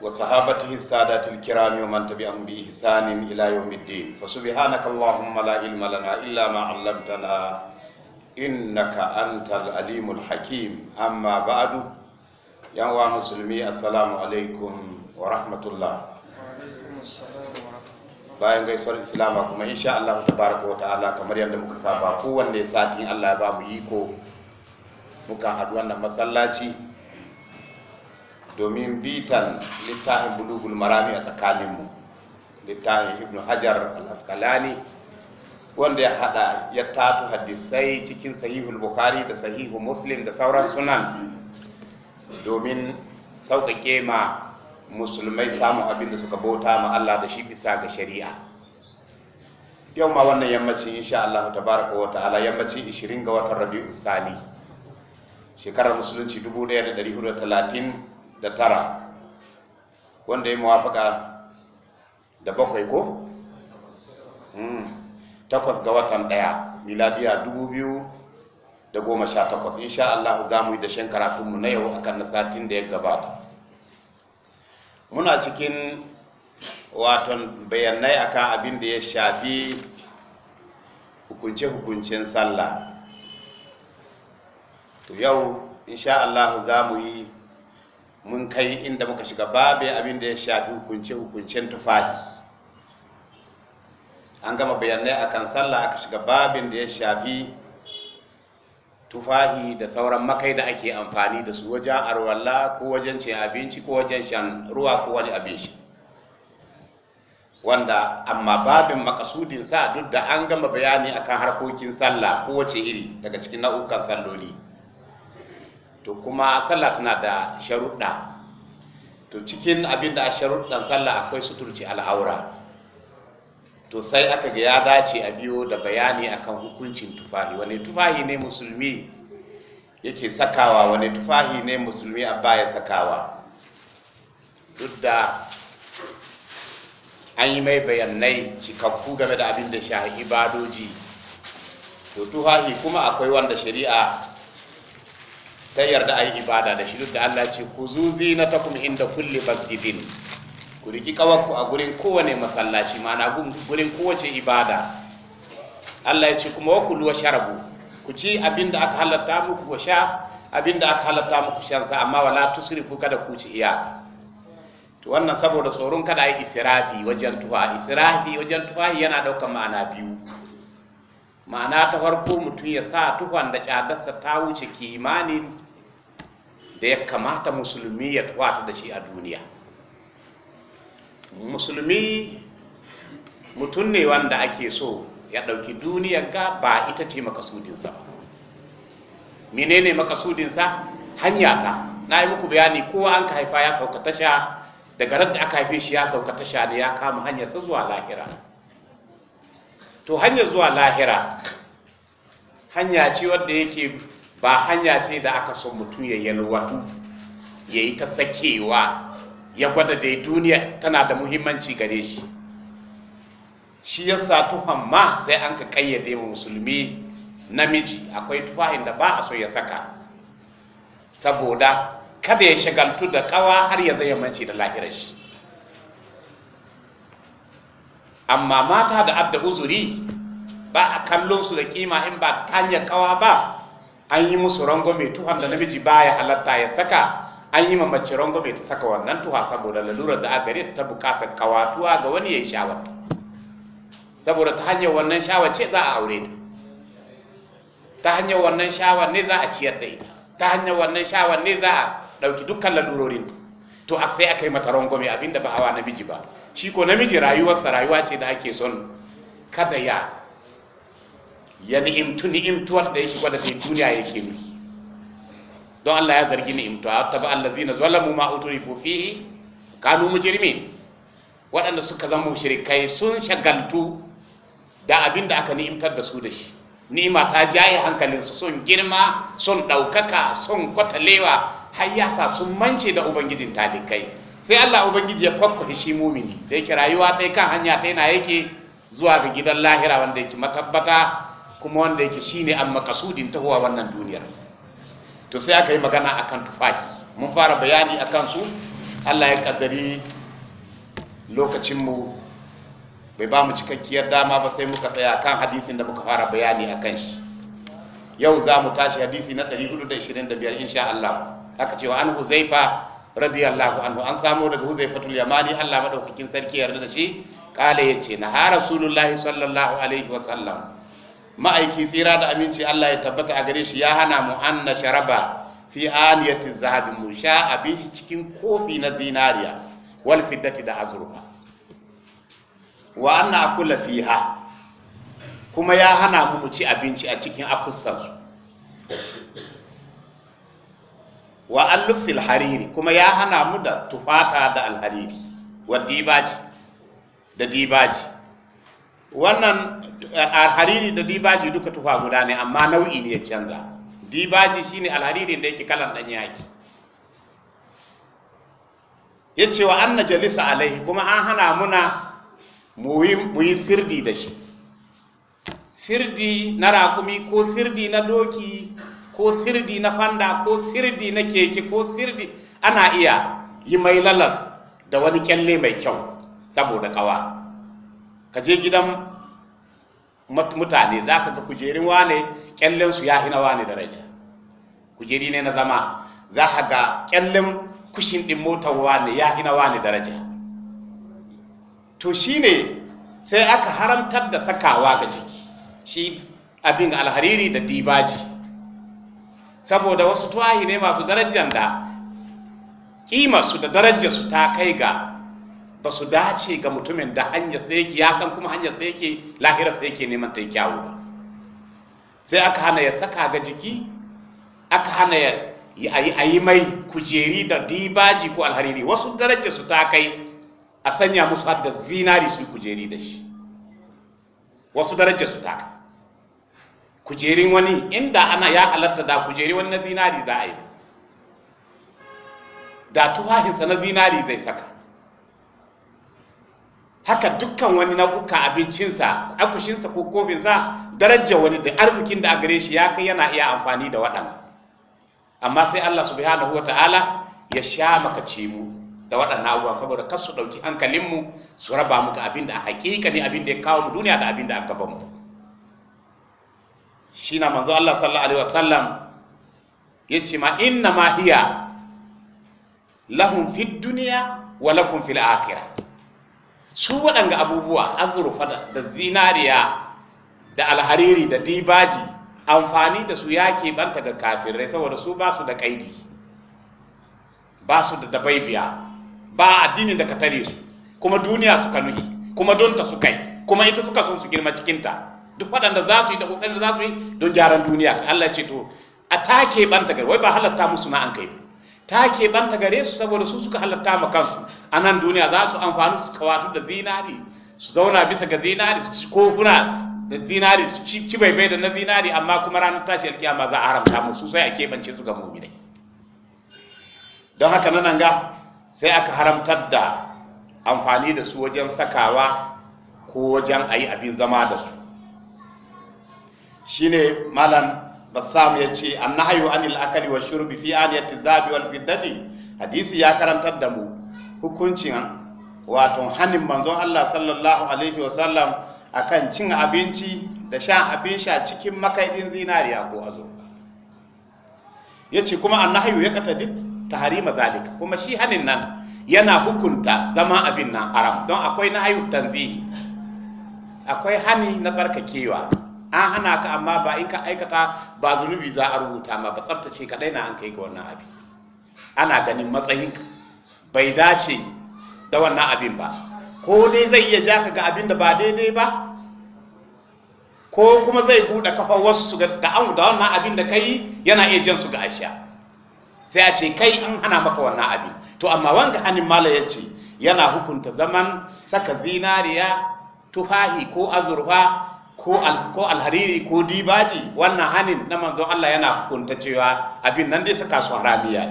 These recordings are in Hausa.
wa sahabatihi sadatil kirami wa man tabi'ahum bi ihsanin ila yawmiddin fa subhanaka allahumma la ilma lana illa ma 'allamtana innaka antal alimul hakim amma ba'du yan wa musulmi assalamu alaikum wa rahmatullah bayan gaisuwar islama kuma insha Allah tabaraka wa ta'ala kamar yadda muka saba kowanne satin Allah ba mu ko muka haɗu wannan masallaci domin bitan littafin bulugul marami a tsakaninmu littafin ibn hajar al-askalani wanda ya hada ya tatu hadisai cikin sahihul bukhari da sahihu muslim da sauran sunan domin sauƙaƙe ma musulmai samun abin da suka bauta ma Allah da shi bisa ga shari'a yau ma wannan yammacin insha Allah tabaraka wa ta'ala yammacin 20 ga watan Rabiul Sani shekarar musulunci 1430 da tara wanda ya muwafaka da bakwai ko? Hmm. takwas ga watan daya miladiya dubu biyu da goma sha takwas insha Allah za mu yi da shan karatunmu na yau akan na satin da ya gabata muna cikin waton bayanai akan abin da ya shafi hukunce-hukuncen sallah to yau insha Allah za mu yi mun kai inda muka shiga babu abin da ya shafi hukunce-hukuncen tufahi an gama bayanai a kan sallah aka shiga babin da ya shafi tufahi da sauran makai da ake amfani da su wajen arwalla ko wajen cin abinci ko wajen shan ruwa ko wani abin wanda amma babin makasudin sa duk da an gama bayani akan harkokin sallah ko wace iri daga cikin nau'ukan salloli to kuma sallah tana da sharuɗa to cikin abin da a sharuɗan sallah akwai suturci al'aura to sai aka ga ya dace a biyo da bayani akan hukuncin tufahi wani tufahi ne musulmi yake sakawa wani tufahi ne musulmi a baya sakawa duk da an yi mai bayanai cikakku game da abin da shahi ibadoji to tufahi kuma akwai wanda shari'a ta yarda a yi ibada da shi duk da Allah ce ku zuzi na takun inda kulle masjidin ku riki kawarku a gurin kowane masallaci ma'ana gurin kowace ibada Allah ya ce kuma wa kulu sharabu ku ci abinda aka halatta muku wa sha abinda aka halatta muku shan sa amma wala tusrifu kada ku ci iya. to wannan saboda tsoron kada a yi israfi wajen tufa, israfi wajen tuha yana daukan ma'ana biyu ma'ana ta farko mutum ya sa tuhon da tsadarsa ta wuce kimanin da ya kamata musulmi ya tuwata da shi a duniya musulmi mutum ne wanda ake so ya ɗauki duniyar ga ba ita ce makasudinsa ba menene makasudinsa hanya ta na yi muku bayani kowa an ka haifa ya sauka tasha daga ran aka haife shi ya sauka tasha ne ya kama hanyarsa zuwa lahira to hanyar zuwa lahira hanya ce wadda yake ba hanya ce da aka son mutum ya yalwatu ya yi ta sakewa ya gwada da duniya tana da muhimmanci gare shi shi ya sa tuhan ma sai an ka kayyade ma musulmi namiji akwai tufahin da ba a so ya saka saboda kada ya shagaltu da kawa har ya zai manci da lahirar shi amma mata da adda uzuri ba a kallon su da kima in ba ta hanyar kawa ba an yi musu rango mai tuhan da namiji baya halatta ya saka an yi mamace rango mai ta saka wannan tuha saboda lalura da a ta bukatar kawatuwa ga wani ya yi shawarta saboda ta hanyar wannan shawar ce za a aure ta ta hanyar wannan shawar ne za a ciyar da ita ta hanyar wannan shawar ne za a ɗauki dukkan lalurorin to a sai aka yi mata mai abinda ba hawa namiji ba shi ko namiji rayuwarsa rayuwa ce da ake son kada ya ya ni'imtu ni'imtuwar da yake gwada sai duniya yake ne don Allah ya zargi ni'imtuwa ta ba zina zalamu ma utrifu fihi kanu mujrimin waɗanda suka zama shirkai sun shagaltu da abin da aka ni'imtar da su da shi ni'ima ta jaye hankalinsu sun girma sun ɗaukaka sun kwatalewa har yasa sun mance da ubangijin talikai sai Allah ubangiji ya kwakwa shi mumini da yake rayuwa ta kan hanya ta yana yake zuwa ga gidan lahira wanda yake matabbata kuma wanda yake shine an makasudin huwa wannan duniyar to sai aka yi magana a kan tufaki mun fara bayani akan su Allah ya kaddari lokacinmu bai ba mu cikakkiyar dama ba sai muka tsaya kan hadisin da muka fara bayani a kan shi yau za mu tashi hadisi na 425 insha Allah aka cewa an huzaifa radiyallahu anhu an samu daga huzaifatul yamani Allah madaukakin sarki yarda da shi kala yace na ha rasulullahi sallallahu alaihi wasallam ma'aiki tsira da aminci Allah ya tabbata a gare shi ya hana mu anna sharaba fi aniyati zahabi mu sha abin shi cikin kofi na zinariya wal fiddati da azurfa wa anna akula fiha kuma ya hana mu mu ci abinci a cikin akusansu. wa allubsil hariri kuma ya hana mu da tufata da alhariri wa dibaji da dibaji wannan alhariri da dibaji duka tufa guda ne amma nau'i ne ya canza dibaji shine alhariri da yake kalan dan yaki ya ce wa an najalisa alaihi kuma an hana muna mu yi sirdi da shi sirdi na raƙumi ko sirdi na doki ko sirdi na fanda ko sirdi na keke ko sirdi ana iya yi mai lalas da wani kyalle mai kyau saboda kawa ka je gidan mutane za ka ga kujerin wane kyallen su ya hina wane daraja kujeri ne na zama za ka ga kyallen kushin din motar wane ya hina wane daraja to shi ne sai aka haramtar da sakawa ga jiki shi abin alhariri da dibaji saboda wasu tuwahi ne masu darajar da kimarsu da su ta kai ga ba su dace ga mutumin da hanyar sai yake ya kuma hanyar sai yake lahirar sai yake neman ta kyawu ba sai aka hana ya saka ga jiki aka hana ya a yi mai kujeri da dibaji ko alhariri wasu su ta kai a sanya musu hadda zinari su kujeri da shi wasu su ta kai kujerin wani inda ana ya halatta da kujeri wani na zinari za a yi da tufahinsa na zinari zai saka haka dukkan wani nau'uka abincinsa akushinsa ko kofinsa daraja wani da arzikin da a gare shi ya kai yana iya amfani da waɗanda amma sai allah subhanahu wa ta'ala ya sha maka mu da waɗannan abubuwa saboda kar su ɗauki hankalinmu su raba muka abin da a hakika ne abin da ya kawo mu duniya da abin da a gaban mu shi na manzo Allah sallallahu alaihi wasallam ya ce ma inna ma hiya lahum fi duniya wa lakum fil akhirah su waɗanga abubuwa azurfa da zinariya da alhariri da dibaji amfani da su yake banta ga kafirai saboda su ba su da kaidi ba su da dabaibiya ba addini da ka tare su kuma duniya su nuhi kuma don ta su kai kuma ita suka son su girma cikinta duk waɗanda za su yi da ƙoƙarin da za su yi don gyaran duniya ka Allah ce to a ta keɓanta gare wai ba halatta musu na an kai ba. ta keɓanta gare su saboda su suka halatta ma kansu a nan duniya za su amfani su kawatu da zinari su zauna bisa ga zinari su koguna da zinari su ci bai bai da na zinari amma kuma ranar tashi alkiyama za a haramta musu sai a keɓance su ga muminai don haka nan ga sai aka haramtar da amfani da su wajen sakawa ko wajen a yi abin zama da su shine malam bassam ya ce annahyu anil akali wa shurbi fi aniyati zabi wal fiddati hadisi ya karantar da mu hukuncin wato hannun manzon Allah sallallahu alaihi wasallam akan cin abinci da sha abin sha cikin makaidin zinariya ko azo ya ce kuma annahyu ya kata tahrima zalika kuma shi hannun nan yana hukunta zama abin nan haram don akwai na tanzihi akwai hani na tsarkakewa an hana ka amma ba in ka aikata ba zunubi za a rubuta ma ba tsabtace ka na an kai ga wannan abin ana ganin matsayin bai dace da wannan abin ba ko dai zai iya ja ka ga abin da ba daidai ba ko kuma zai buɗe kafan wasu su ga an da wannan abin da kai yana iya jan su ga ashiya sai a ce kai an hana maka wannan abin to amma wanga hannun mala ya ce yana hukunta zaman saka zinariya tufahi ko azurfa ko alhariri ko dibaji wannan hanin na manzon Allah yana hukunta cewa abin nan dai saka su haramiya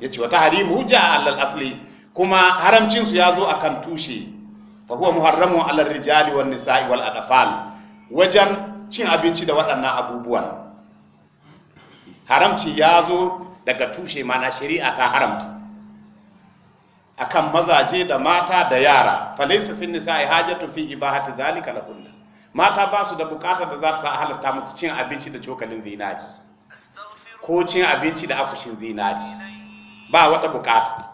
ya ce wata harimu hujja allal asali. kuma haramcinsu ya zo akan tushe fa huwa muharramun alal rijali wan nisa'i wal adfal wajen cin abinci da waɗannan abubuwan haramci ya zo daga tushe mana shari'a ta haramta akan mazaje da mata da yara falaysa fi nisa'i hajatun fi ibahati zalika lahunna mata ba su da bukatar da za su halatta musu cin abinci da cokalin zinari ko cin abinci da akushin zinari ba wata bukata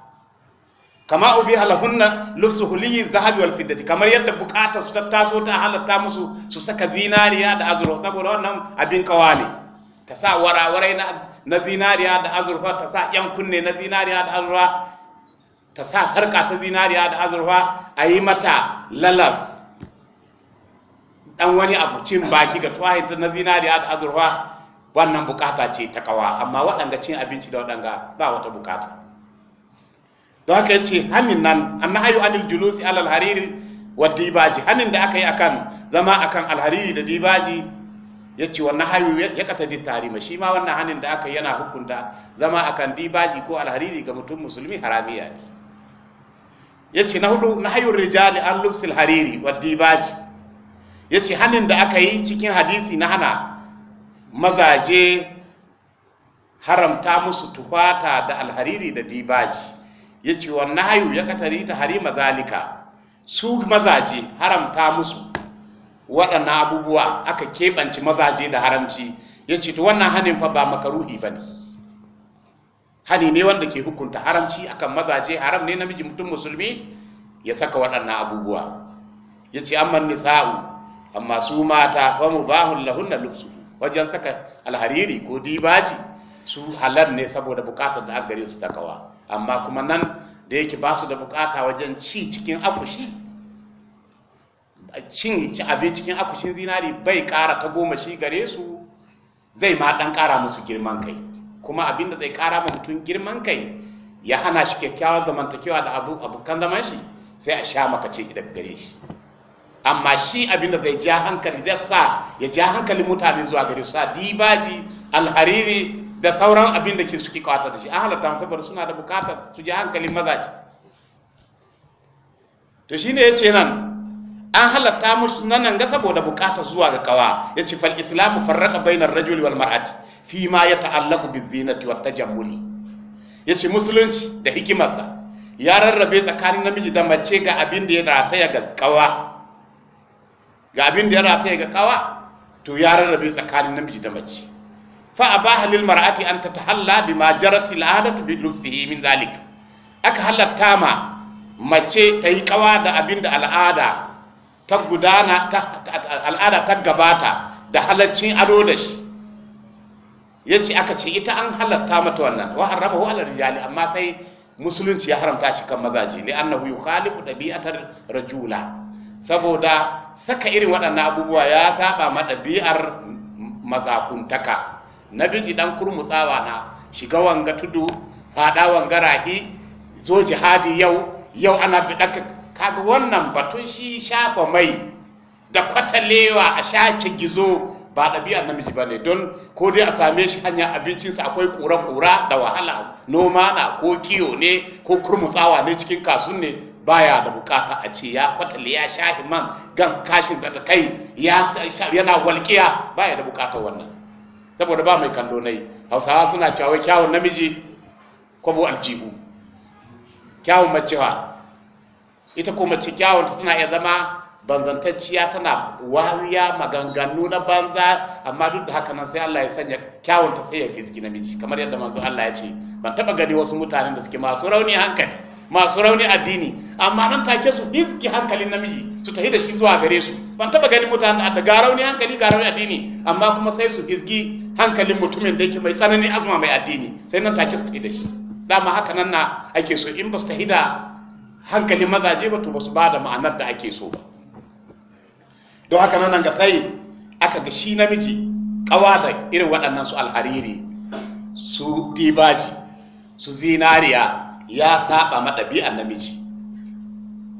kama ubi halahunna lufsu huliyi zahabi wal fiddati kamar yadda bukatar su ta taso ta halatta musu su saka zinariya da azurfa saboda wannan abin kawa ne ta sa warawarai na zinariya da azurfa ta sa yan kunne na zinariya da azurfa ta sa sarka ta zinariya da azurfa a yi mata lalas dan wani abu cin baki ga tuwahinta na zinariya da azurfa wannan bukata ce ta kawa amma waɗanga cin abinci da waɗanga ba wata bukata don haka ce hannun nan hayu anil julusi alal hariri wa dibaji hannun da aka yi akan zama akan alhariri da dibaji ya ce wannan hayu ya kata di tarima shi ma wannan hannun da aka yana hukunta zama akan dibaji ko alhariri ga mutum musulmi haramiya ne ya ce na hudu na hayu rijali an lubsil hariri wa dibaji ya ce hannun da aka yi cikin hadisi na hana mazaje haramta musu tufata da alhariri da dibaji ya ce wannan hayu ya katari ta harima zalika su mazaje haramta musu waɗannan abubuwa aka keɓanci mazaje da haramci ya ce wannan hannun fa ba makaruhi ba ne hani ne wanda ke hukunta haramci akan mazaje haram ne namiji mutum musulmi ya saka waɗannan abubuwa ya ce amman nisa'u amma su mata fa lahun na lufsu wajen saka alhariri ko dibaji su halar ne saboda bukatar da agare su ta kawa amma kuma nan da yake ba su da bukata wajen ci cikin akushi cin abin cikin akushin zinari bai kara ta goma shi gare su zai ma dan kara musu girman kai kuma abin da zai kara ma mutum girman kai ya hana shi kyakkyawan zamantakewa da abokan zaman shi sai a sha maka ce idan gare shi amma shi abinda zai ja hankali zai sa ya ja hankalin mutane zuwa gare dibaji alhariri da sauran abin da ke suke kawata da shi an halatta saboda suna da bukatar su ja hankalin mazaje to shine yace nan an halatta musu nan ga saboda bukatar zuwa ga kawa ya ce fal islamu farraka bainar rajuli wal mar'ati fi ma ya ta'allaku bi zinati wat tajammuli ya musulunci da hikimarsa ya rarrabe tsakanin namiji da mace ga abin da ya rataya ga kawa ga abin da ya rata ga kawa to ya rarrabe tsakanin namiji da mace fa baha lil mar'ati an tatahalla bima jarat al adat bi lubsihi min zalik aka halatta ma mace ta yi kawa da abin da al'ada ta gudana al'ada ta gabata da halaccin ado da shi yace aka ce ita an halatta mata wannan wa haramahu ala rijali amma sai musulunci ya haramta shi kan mazaje li annahu yukhalifu dabi'atar rajula saboda saka irin waɗannan abubuwa ya saba ma ɗabi'ar mazakuntaka namiji dan kurmutsawa na shiga wanga tudu fada wanga rahi zo jihadi yau yau ana bidaka kaga wannan batun shi shafa mai da kwatalewa a shake gizo ba ɗabi'ar namiji ba ne don ko dai a same shi hanyar abincinsa akwai kura-kura da wahala noma na ko kiyo ne ko kurmutsawa ne cikin kasun ne baya da bukata a ce ya kwatale ya shahi man gan kashin da ta kai yana walƙiya baya da bukata wannan saboda ba mai kallo nai hausawa suna cewa kyawun namiji kwabo aljihu kyawun macewa ita ko mace kyawun tana iya zama banzantacciya tana wariya maganganu na banza amma duk da haka nan sai Allah ya sanya kyawunta sai ya fizgi namiji kamar yadda manzo Allah ya ce ban taba gani wasu mutanen da suke masu rauni hankali masu rauni addini amma nan take su fizgi hankalin namiji su tafi da shi zuwa gare su ban taba gani mutanen da ga rauni hankali ga rauni addini amma kuma sai su fizgi hankalin mutumin da yake mai tsanani azuma mai addini sai nan take su tafi da shi dama haka nan na ake so in ba su tafi da hankalin mazaje ba to ba su ba da ma'anar da ake so ba don haka nan ga sai aka ga shi namiji kawa da irin waɗannan su alhariri su dibaji su zinariya ya saba ma ɗabi'an namiji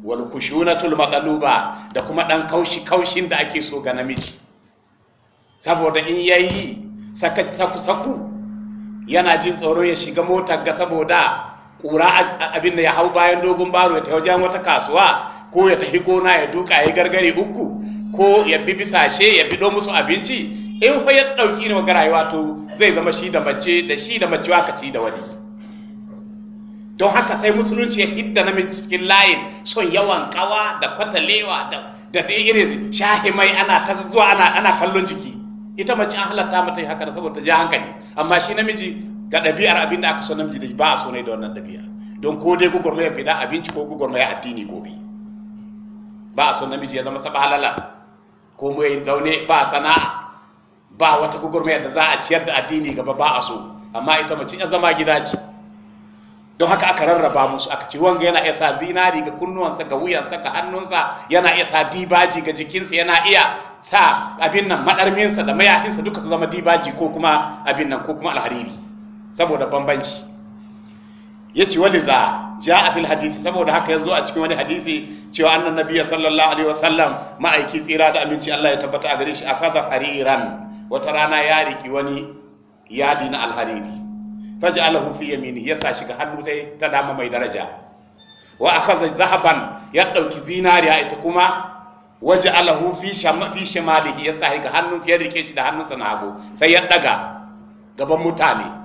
wal kushunatul maqluba da kuma ɗan kaushi kaushin da ake so ga namiji saboda in yayi saka saku saku yana jin tsoro ya shiga motar ga saboda kura abin da ya hau bayan dogon baro ya ta wajen wata kasuwa ko ya tafi gona ya duka ya gargare uku ko ya bi bisashe ya bi musu abinci in fa ya dauki ne wa rayuwa to zai zama shi da mace da shi da mace waka ci da wani don haka sai musulunci ya hidda namiji cikin layin son yawan kawa da kwatalewa da da dai irin mai ana ta zuwa ana ana kallon jiki ita mace an halatta mata yi haka saboda ta ja hankali amma shi namiji ga ɗabi'ar abin da aka so namiji da ba a so ne da wannan ɗabi'a don ko dai ya fida abinci ko ya addini gobe ba a so namiji ya zama saba halala ko mai zaune ba sana'a ba wata gugurmayar da za a ciyar da addini gaba ba a so amma ita mace ya zama gida ce don haka aka rarraba musu aka ci. wanga yana iya sa zinari ga kunnuwansa ga wuyansa ga hannunsa yana iya sa dibaji ga jikinsa yana iya sa abin nan madarminsa da mayahinsa duka su zama dibaji ko kuma abin nan ko kuma alhariri saboda bambanci ya ce wani ja a fil hadisi saboda haka ya zo a cikin wani hadisi cewa annan nabiya sallallahu alaihi wasallam ma'aiki tsira da aminci Allah ya tabbata a gare shi a kaza hariran wata rana ya riki wani yadi na alhariri alahu fi yamini ya sa shiga hannu sai ta dama mai daraja wa akaza zahaban ya dauki zinariya ita kuma waje alahu fi fi shimalihi ya sa ga hannun sai ya rike shi da hannunsa na hagu sai ya daga gaban mutane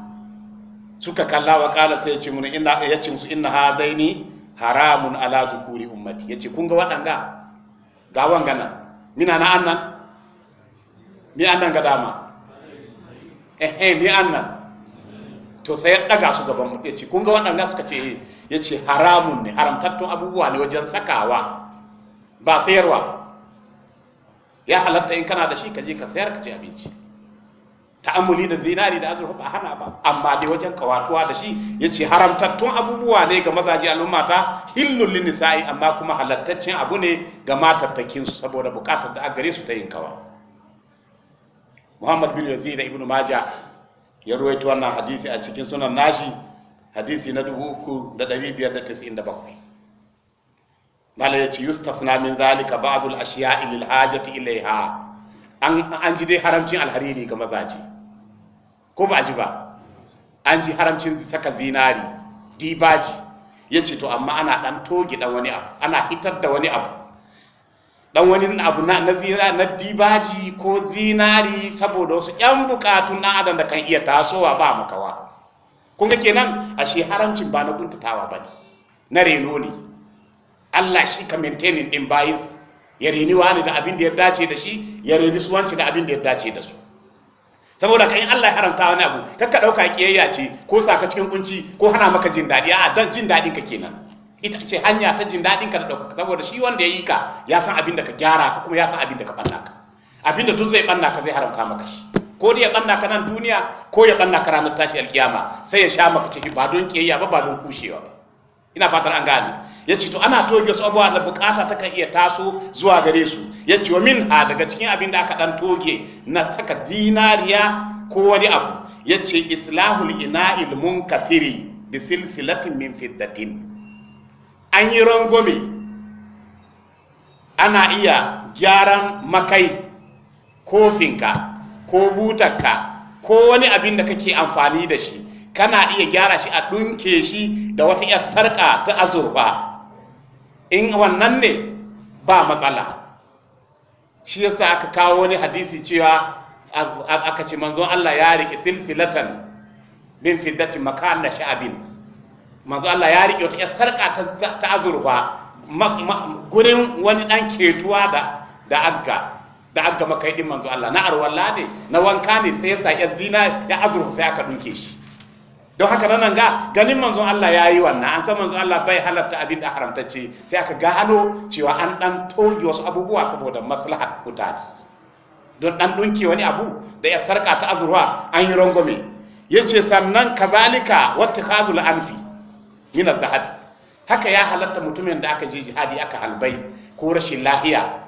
suka kalla wa kala sai ya ce mun inna ya ce musu inna hazaini haramun ala zukuri ummati yace kun ga wadanga ga wangana mina na annan mi annan ga dama eh eh ni annan to sai ya daga su gaban mu yace kun ga wadanga suka ce eh. yace haramun ne haramtattun abubuwa ne wajen sakawa ba sayarwa ba ya halatta in kana da shi ka je ka sayar ka ci abinci ta'amuli da zinari da azurfa ba hana ba amma dai wajen kawatuwa da shi ya ce haramtattun abubuwa ne ga mazaje al'umma ta hillul nisa'i amma kuma halattaccen abu ne ga matattakin su saboda bukatar da gare su ta yin kawa muhammad bin yazid ibnu maja ya ruwaito wannan hadisi a cikin sunan nashi hadisi na 3597 mala ce yustasna min zalika ba'dul ashiya'i lil hajati ilaiha an ji dai haramcin alhariri ga mazaje ko ba ji ba an ji haramcin saka zinari dibaji ya ce to amma ana dan toge dan wani abu ana hitar da wani abu dan wani abu na zinari na dibaji ko zinari saboda wasu yan bukatun dan adam da kan iya tasowa ba makawa kun ga kenan ashe haramcin ba na kuntatawa ba ne na reno ne Allah shi ka maintaining din bayinsa ya reni wani da abin da ya dace da shi ya reni su wanci da abin da ya dace da su saboda ka in Allah ya haramta wani abu kakka ɗauka kiyayya ce ko sa ka cikin kunci ko hana maka jin daɗi a dan jin daɗin ka kenan ita ce hanya ta jin daɗin ka da ɗauka. saboda shi wanda ya yi ka ya san abin da ka gyara ka kuma ya san abin da ka ɓanna ka abin da duk zai ɓanna ka zai haramta maka shi ko dai ya ɓanna ka nan duniya ko ya ɓanna ka ranar tashi alkiyama sai ya sha maka ciki ba don kiyayya ba ba don kushewa ba ina fatar an gane ya ce to ana toge su abubuwa da bukata ta kan iya taso zuwa gare su ya ce wa min ha daga cikin abin da aka dan toge na saka zinariya ko wani abu ya ce islahul ina'il munkasiri bi silsilatin min fiddatin an yi rangome ana iya gyaran makai kofinka ko butakka ko wani abin da kake amfani da shi kana iya gyara shi a ɗunke shi da wata iya sarƙa ta azurfa in wannan ne ba matsala shi yasa aka kawo wani hadisi cewa aka ce manzon Allah ya riƙe silsilatan min fiddati makan da sha'abin manzon Allah ya riƙe wata iya sarƙa ta azurfa gurin wani ɗan ketuwa da agga da aka makaidin manzo Allah na arwalla ne na wanka ne sai ya sa ya zina ya azurfa sai aka dunke shi don haka nan ga ganin manzon Allah ya yi wannan an san manzon Allah bai halatta abin da haramtacce sai aka gano cewa an dan toge wasu abubuwa saboda maslaha kutari don dan dunke wani abu da ya sarka ta azurwa an yi rangwame yace sannan kazalika wata khazul anfi mina zahabi haka ya halatta mutumin da aka je jihadi aka halbai ko rashin lahiya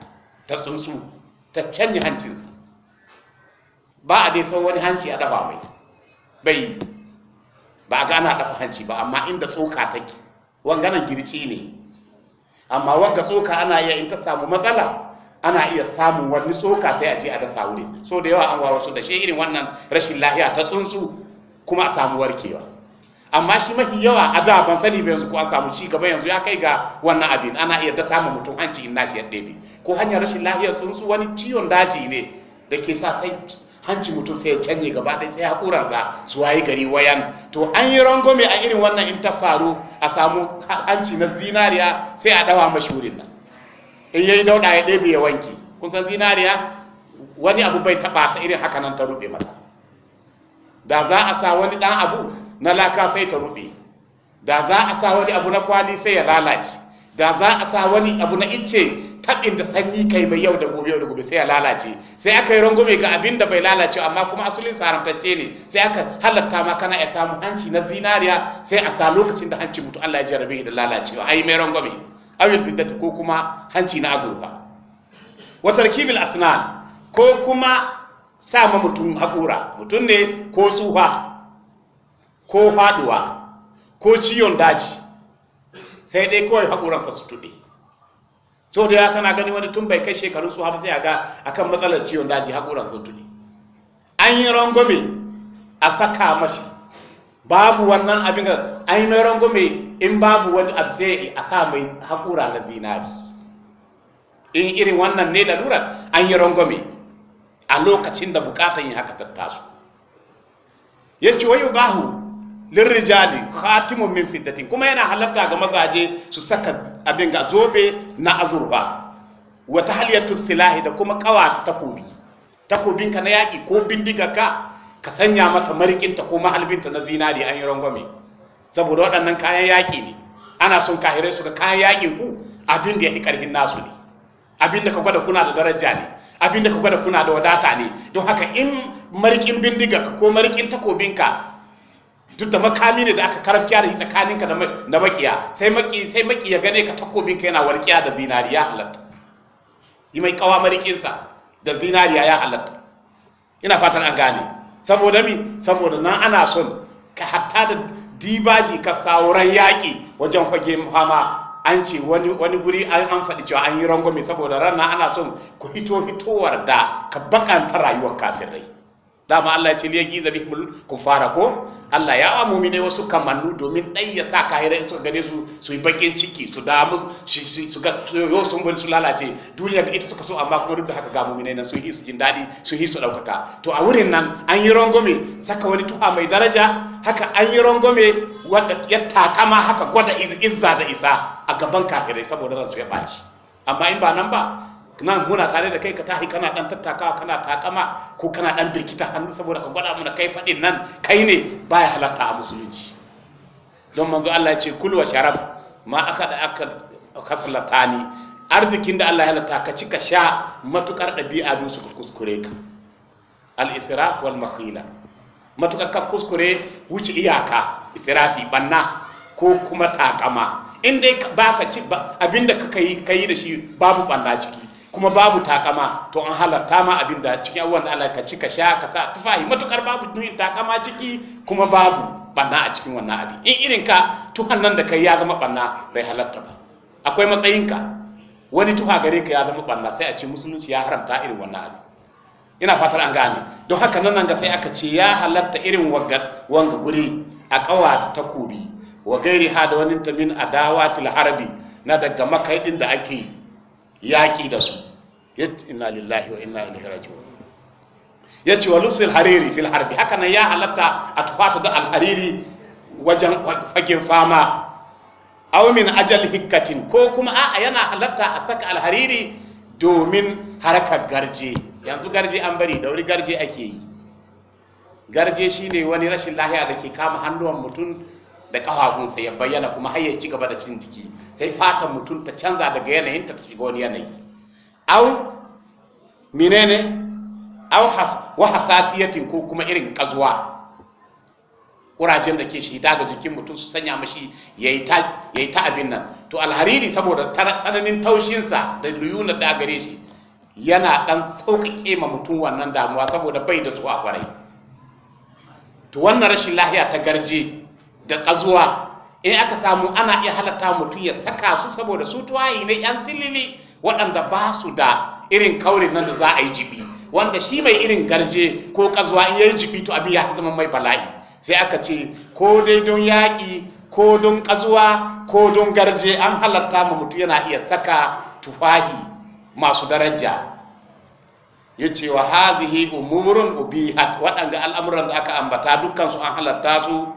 ta tsuntsu ta canja hancinsa ba a dai san wani hanci a dafa mai bai ba ga ana dafa hanci ba amma inda tsoka take wanganan girci ne amma wanga tsoka ana iya in ta samu matsala ana iya samun wani tsoka sai a je a dasa wuri so da yawa an wawa su da shi irin wannan rashin lahiya ta tsuntsu kuma a samu warkewa amma shi mafi yawa a da ban sani ba yanzu ko an samu ci gaba yanzu ya kai ga wannan abin ana iya dasa samun mutum hanci in nashi ya ɗebe ko hanyar rashin lahiyar tsuntsu wani ciwon daji ne da ke sa sai hanci mutum sai ya canye gaba ɗaya sai za su wayi gari wayan to an yi rangwame a irin wannan in ta faru a samu hanci na zinariya sai a ɗawa mashurin nan in yayi dauɗa ya ɗebe ya wanke kun san zinariya wani abu bai taɓa ta irin haka nan ta ruɓe masa da za a sa wani ɗan abu na laka sai ta ruɓe da za a sa wani abu na kwali sai ya lalace da za a sa wani abu na icce tabin da sanyi kai mai yau da gobe yau da gobe sai ya lalace sai aka yi rangume ga abin da bai lalace amma kuma asulin sarantacce ne sai aka halatta ma kana ya samu hanci na zinariya sai a sa lokacin da hanci mutu Allah ya jarabe da lalacewa ai mai rangume awil fiddati ko kuma hanci na azurfa wa tarkibil asnan ko kuma sa ma mutum haƙura mutum ne ko tsuha ko faɗuwa ko ciwon daji sai dai kawai haƙuransa su tuɗe so da ya kana gani wani tun bai kai shekaru su har sai a ga akan matsalar ciwon daji haƙoran sun tuni an yi rangwame a saka mashi babu wannan abin ga an yi mai in babu wani abu sai a sa mai haƙura na zinari in irin wannan ne da lura an yi rangwame a lokacin da bukatan yi haka tattasu ya wayo bahu lirrijali khatimun min fiddatin kuma yana halatta ga mazaje su saka abin ga zobe na azurfa wa tahliyatu silahi da kuma kawata takobi takobin ka na yaki ko bindiga ka ka sanya mata marikinta ko mahalbinta na zinari an yi rangwame saboda waɗannan kayan yaki ne ana son kahirai su ga kayan yakin ku abin da ya karhin nasu ne abin da ka gwada kuna da daraja ne abin da ka gwada kuna da wadata ne don haka in marikin bindiga ko marikin takobinka duk da makami ne da aka karafkiya da yi tsakaninka da makiya sai maki sai maki ya gane ka yana warkiya da zinariya halatta yi mai kawa marikinsa da zinariya ya halatta ina fatan an gane saboda mi saboda nan ana son ka hatta da dibaji ka sauran yaƙi wajen fage fama an ce wani guri an faɗi cewa an yi rangwame saboda ranar ana son ku hito hitowar da ka bakanta rayuwar kafirai dama Allah ya ce liya giza bihul kufara ko Allah ya wa mu'mine wasu kamannu domin dai ya sa kahirai su gane su su yi bakin ciki su damu su ga yo sun bari su lalace duniya ita suka so amma kuma duk da haka ga mu'mine nan su yi su jin dadi su yi su daukaka to a wurin nan an yi rangome saka wani tuha mai daraja haka an yi rangome wanda ya takama haka gwada izza da isa a gaban kahirai saboda ransu ya baci amma in ba nan ba nan muna tare da kai ka tahi kana dan tattakawa kana takama ko kana dan birkita hannu saboda ka gwada mana kai fadin nan kai ne baya halatta a musulunci don manzo Allah ya ce kul wa sharab ma aka da aka kasallata ni arzikin da Allah ya halatta ka ci ka sha matukar dabi'a don su kuskure ka al israf wal makhila matukar ka kuskure wuce iyaka israfi banna ko kuma takama in dai baka ci abinda ka kai da shi babu banna ciki kuma babu takama to an halarta ma abin da cikin abubuwan Allah ka ci ka sha ka sa tufahi matukar babu nuyin takama ciki kuma babu banna a cikin wannan abin in irin ka tuhan nan da kai ya zama banna bai halarta ba akwai matsayinka wani tuha gare ka ya zama banna sai a ce musulunci ya haramta irin wannan abin ina fatar an gane don haka nan nan ga sai aka ce ya halarta irin wanga guri a kawata takobi wa gairi ha da wani tamin adawatul harbi na daga makaidin da ake yi yaƙi da su inna lillahi wa inna ilaihi raji'un ya ce wa lusul hariri fil harbi haka nan ya halatta a tufata da alhariri wajen fagen fama aw ajal hikkatin ko kuma a'a yana halatta a saka alhariri domin harkar garje yanzu garje an bari da wuri garje ake yi garje shine wani rashin lahiya da ke kama hannuwan mutum da ƙafafunsa ya bayyana kuma har ya ci gaba da cin jiki sai fatan mutum ta canza daga yanayin ta shiga wani yanayi au menene au wa hasasiyatin ko kuma irin kazuwa kurajen da ke shi daga jikin mutum su sanya mashi ya yi ta abin nan to alhariri saboda tsananin taushinsa da luyunar da gare shi yana ɗan sauƙaƙe ma mutum wannan damuwa saboda bai da su a kwarai to wannan rashin lahiya ta garje da ƙazuwa in aka samu ana iya halatta mutum ya saka su saboda su tuwayi ne yan silili waɗanda ba su da irin kaurin nan da za a yi jibi wanda shi mai irin garje ko ƙazuwa in ya yi jibi to abin ya zama mai bala'i sai aka ce ko dai don yaƙi ko don ƙazuwa ko don garje an halatta ma mutum yana iya saka tufahi masu daraja ya ce wa hazihi umurun ubihat waɗanda al'amuran da aka ambata dukkan su an halatta su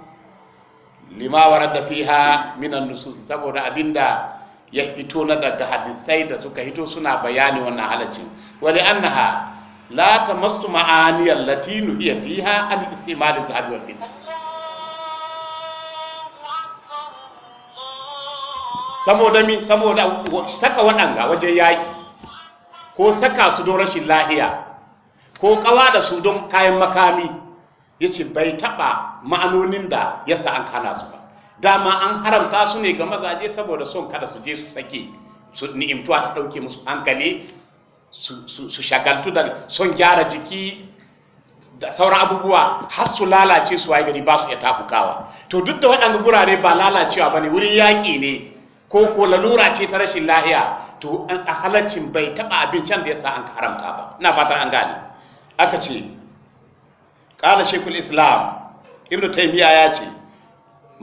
lima warada fiha minan nusus saboda abinda ya hito na daga hadisai da suka hito suna bayani wannan halacin wali annaha la tamassu ma'ani allati nuhiya fiha an istimal zahab wal fitna saboda mi saboda saka waɗanga wajen yaƙi ko saka su don rashin lahiya ko kawa da su don kayan makami ce bai taɓa ma'anonin da ya sa an kana su ba dama an haramta su ne ga mazaje saboda son kada su je su sake su ni'imtuwa ta ɗauke musu hankali su shagaltu da son gyara jiki da sauran abubuwa har su lalace su waye gari ba su iya tafukawa to duk da waɗanda gurare ba lalacewa ba ne wurin yaƙi ne ko ko lalura ce ta rashin lahiya to a halaccin bai taɓa abincin da ya sa an haramta ba ina fatan an gane aka ce kala shekul islam ibnu taimiyya ya ce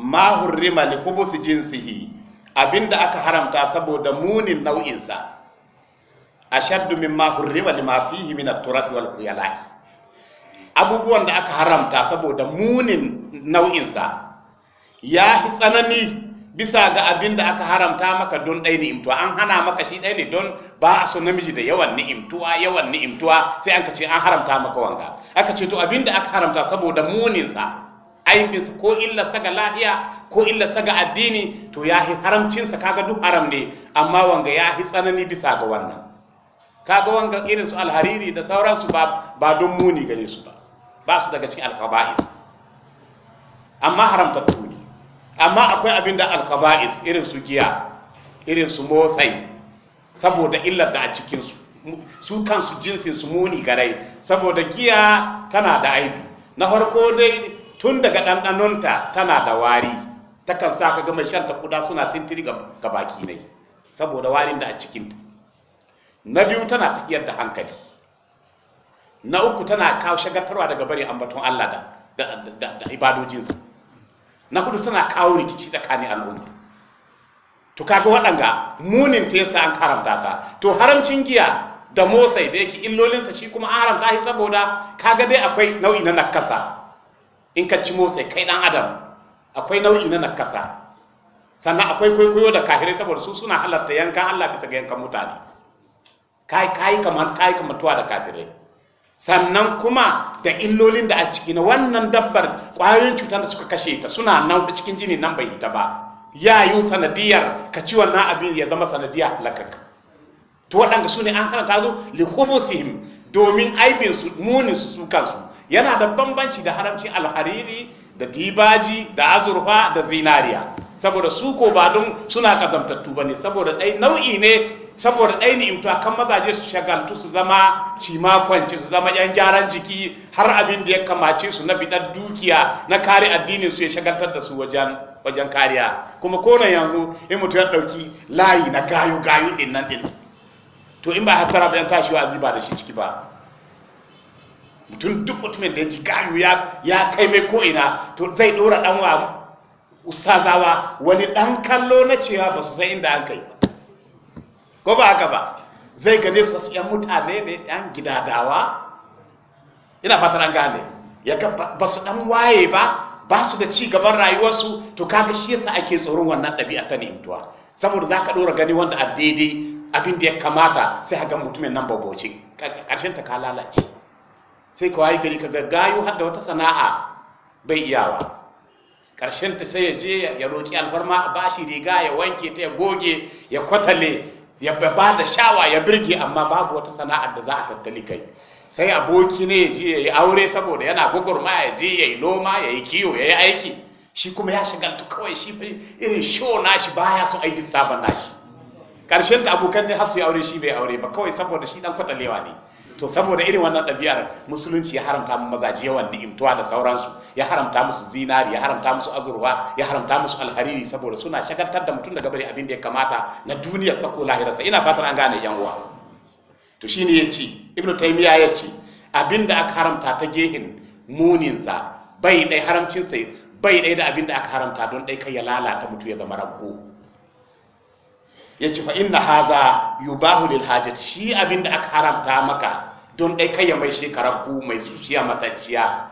ma hurrima li kubusi jinsihi abinda aka haramta saboda munin nau'insa ashaddu mimma hurrima lima fihi min at-turafi wal khuyala'i abubuwan da aka haramta saboda munin nau'insa ya hi tsanani bisa ga abin da aka haramta maka don ɗai ni'imtuwa an hana maka shi ɗai ne don ba a so namiji da yawan ni'imtuwa yawan ni'imtuwa sai an ka ce an haramta maka wanga aka ce to abin da aka haramta saboda muninsa aibinsa ko illarsa ga lahiya ko illa ga addini to ya yi haramcinsa kaga duk haram ne amma wanga ya yi tsanani bisa ga wannan kaga wanga irin su alhariri da sauransu ba ba don muni gane su ba ba su daga cikin alkaba'is amma haramta to amma akwai abin da alkhaba'is irin su giya irin su motsai saboda illar da a cikinsu su kansu jinsin su muni garai saboda giya tana da aibi na farko dai tun daga ɗanɗanonta tana da wari takan sa ka gama shan kuda suna sintiri ga baki ne saboda warin da a cikinta na biyu tana tafiyar da hankali na uku tana kawo shagartarwa daga bari ambaton Allah da ibadojinsa na hudu tana kawo rikici tsakanin al'umma to kaga waɗanga munin ta yasa an haramta ta to haramcin giya da motsai da yake illolinsa shi kuma an haramta shi saboda kaga dai akwai nau'i na nakasa in ka ci motsai kai dan adam akwai nau'i na nakasa sannan akwai kwaikwayo da kahirai saboda su suna halarta yankan allah bisa ga yankan mutane kai kai kamar kai kamar tuwa da kafirai sannan kuma da illolin da a ciki na wannan dabbar ƙwayoyin cutar da suka kashe ta suna nan cikin jini nan bai ta ba ya yi sanadiyar ka ci wannan abin ya zama sanadiyar lakaka to waɗanda su ne an haranta zo li domin aibin su munin su su kansu yana da bambanci da haramci alhariri da dibaji da azurfa da zinariya saboda su ko ba don suna kazamtattu ba ne saboda ɗai nau'i ne saboda ɗai ni imta kan mazaje su shagaltu su zama cimakwanci su zama yan gyaran jiki har abin da ya kamace su na bidan dukiya na kare addinin su ya shagaltar da su wajen wajen kariya kuma nan yanzu in mutu ya ɗauki layi na gayu gayu ɗin nan ɗin to in ba hasara ba yan kashi wa'azi ba da shi ciki ba mutum duk mutumin da ya ji gayu ya kai mai ko'ina to zai dora ɗan wa ustazawa wani ɗan kallo na cewa ba su san inda an kai ba ko ba haka ba zai gane su wasu 'yan mutane ne 'yan gidadawa ina fatan an gane ya ga ba su ɗan waye ba ba su da ci gaban rayuwarsu to kaga shi yasa ake tsoron wannan ɗabi'a ta nemtuwa saboda za ka ɗora gani wanda a daidai abin da ya kamata sai a ga mutumin nan babauci karshen ta ka lalace sai kawai yi gari ka gayu har da wata sana'a bai iyawa ƙarshen ta sai ya je ya roƙi alfarma a bashi riga ya wanke ta ya goge ya kwatale ya ba da shawa ya birge amma babu wata sana'a da za a tattali kai sai aboki ne ya je ya yi aure saboda yana gwagwarma ya je ya yi noma ya yi kiwo ya yi aiki shi kuma ya shagaltu kawai shi irin show nashi baya so ai disturb nashi karshen ta abokan ne hasu ya aure shi bai aure ba kawai saboda shi dan kwatalewa ne to saboda irin wannan ɗabi'ar musulunci ya haramta mu mazaje yawan ni'imtuwa da sauransu ya haramta musu zinari ya haramta musu azurwa ya haramta musu alhariri saboda suna shagaltar da mutum daga bari abin da ya kamata na duniyar sa ko lahirarsa ina fatan an gane yan uwa to shine yace ibnu taymiya ce abin da aka haramta ta gehin muninsa bai dai haramcin bai dai da abin da aka haramta don dai kai ya lalata mutu ya zama rago ya ce fa inna haza yubahu lil shi abinda aka haramta maka don dai kai ya mai shekarar ku mai zuciya matacciya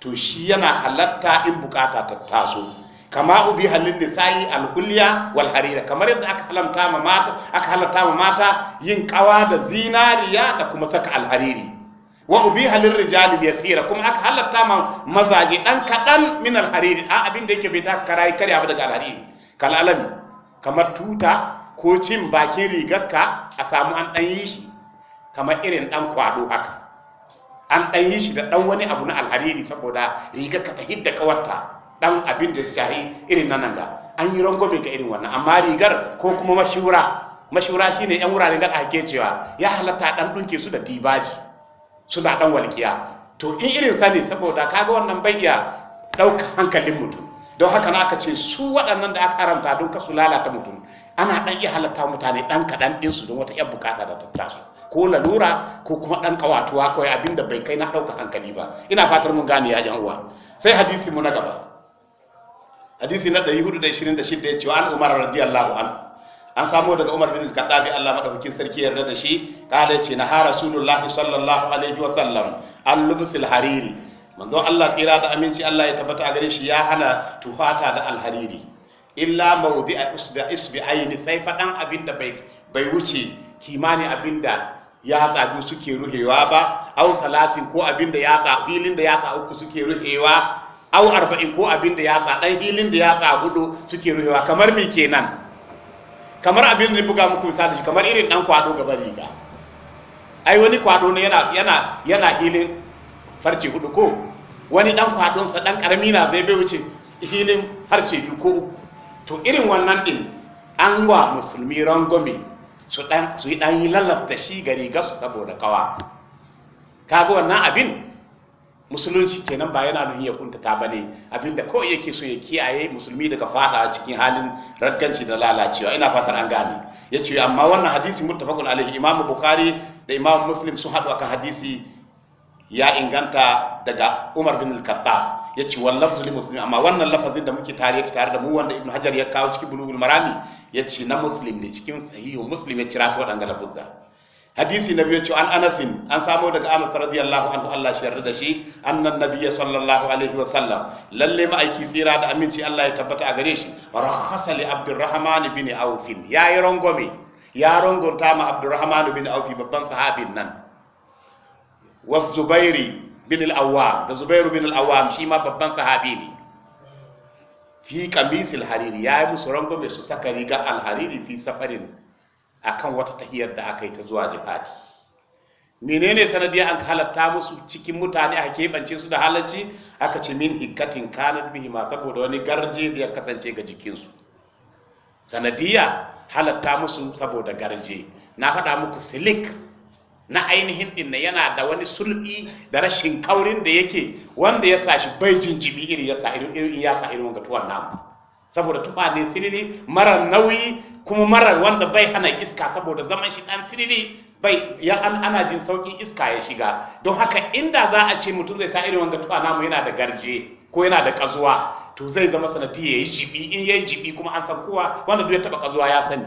to shi yana halatta in bukata ta taso kama ubi halin nisa'i alkulliya wal harira kamar yadda aka ma mata halatta ma mata yin kawa da zinariya da kuma saka alhariri wa ubi halin rijali yasira kuma aka halatta ma mazaje dan kadan min alhariri a abin da yake bai ta karai kare abu daga alhariri kal kamar tuta ko cin bakin rigarka a samu an ɗan yi shi kamar irin ɗan kwado haka an ɗan yi shi da ɗan wani abu na alhariri saboda rigarka ta hidda kawarta ɗan abin da shahi irin nan ga an yi rangwame ga irin wannan amma rigar ko kuma mashura mashura shi ne yan wuraren gada ake cewa ya halatta ɗan ɗunke su da dibaji su da ɗan walƙiya to in irin sani saboda kaga wannan bayya ɗaukar hankalin mutum don haka na aka ce su waɗannan da aka haramta don kasu lalata mutum ana ɗan iya halatta mutane ɗan kaɗan ɗinsu don wata 'yan bukata da ta taso ko lalura ko kuma ɗan ƙawatuwa kawai abin da bai kai na ɗauka hankali ba ina fatar mun gane ya yan uwa sai hadisi mu na gaba hadisi na 426 ya ce an umar radiyallahu anhu an samu daga umar bin kaddabi allah madaukakin sarki yarda da shi kala ce na ha rasulullahi sallallahu alaihi wa sallam an lubsil hariri manzon Allah tsira da aminci Allah ya tabbata a gare shi ya hana tuhata da alhariri illa mawdi a isbi aini sai faɗan abin da bai wuce kimani abin da ya tsagu suke ruhewa ba au salasin ko abin da ya tsa filin da ya tsa uku suke ruhewa au arba'in ko abin da ya tsa dan filin da ya tsa hudu suke ruhewa kamar me kenan kamar abin da buga muku misali kamar irin dan kwado gaba riga ai wani kwado ne yana yana yana hilin farce hudu ko wani dan kwadonsa dan karami na zai bai wuce hilin harce biyu ko uku to irin wannan din an wa musulmi rangome su dan su yi dan yi lalas da shi gari gasu saboda kawa kaga wannan abin musulunci kenan ba yana nuni ya kuntata ba ne abinda ko yake so ya kiyaye musulmi daga fada cikin halin ragganci da lalacewa ina fatar an gane ya ce amma wannan hadisi muttafaqun alaihi imamu bukhari da imamu muslim sun hadu akan hadisi ya inganta daga Umar bin al-Khattab yace wal lafzu muslim amma wannan lafazin da muke tare tare da mu wanda Ibn Hajar ya kawo cikin bulugul Marami yace na Muslim ne cikin sahihu Muslim ya cira ta wadanga lafuzza hadisi na biyu an anasin an samu daga anas radiyallahu anhu Allah shi yarda da shi annan nabiyya sallallahu alaihi wa sallam lalle aiki tsira da aminci Allah ya tabbata a gare shi rahasa li abdurrahman bin auf yayi rongomi ya rangonta ma abdurrahman bin auf babban sahabin nan wa zubairi bin al da zubairu bin al-awwam shi ma babban sahabi ne fi hariri ya yi musu rangume su saka riga alhariri fi safarin akan wata tahiyar da aka yi ta zuwa jihadi menene sanadiyar an halatta musu cikin mutane a keɓance su da halacci aka ce min hikatin bihi ma saboda wani garje da ya kasance ga jikinsu sanadiyya halatta musu saboda garje na haɗa muku silik na ainihin din yana da wani sulbi da rashin kaurin da yake wanda ya sa bai jin jibi iri ya sa irin ya sa irin namu saboda tuba ne siriri mara nauyi kuma mara wanda bai hana iska saboda zaman shi dan siriri bai ya ana jin sauki iska ya shiga don haka inda za a ce mutum zai sa irin wanga tuwa namu yana da garje ko yana da kazuwa to zai zama sanadi yayi yi jibi in yayi jibi kuma an san kowa wanda duk ya taba kazuwa ya sani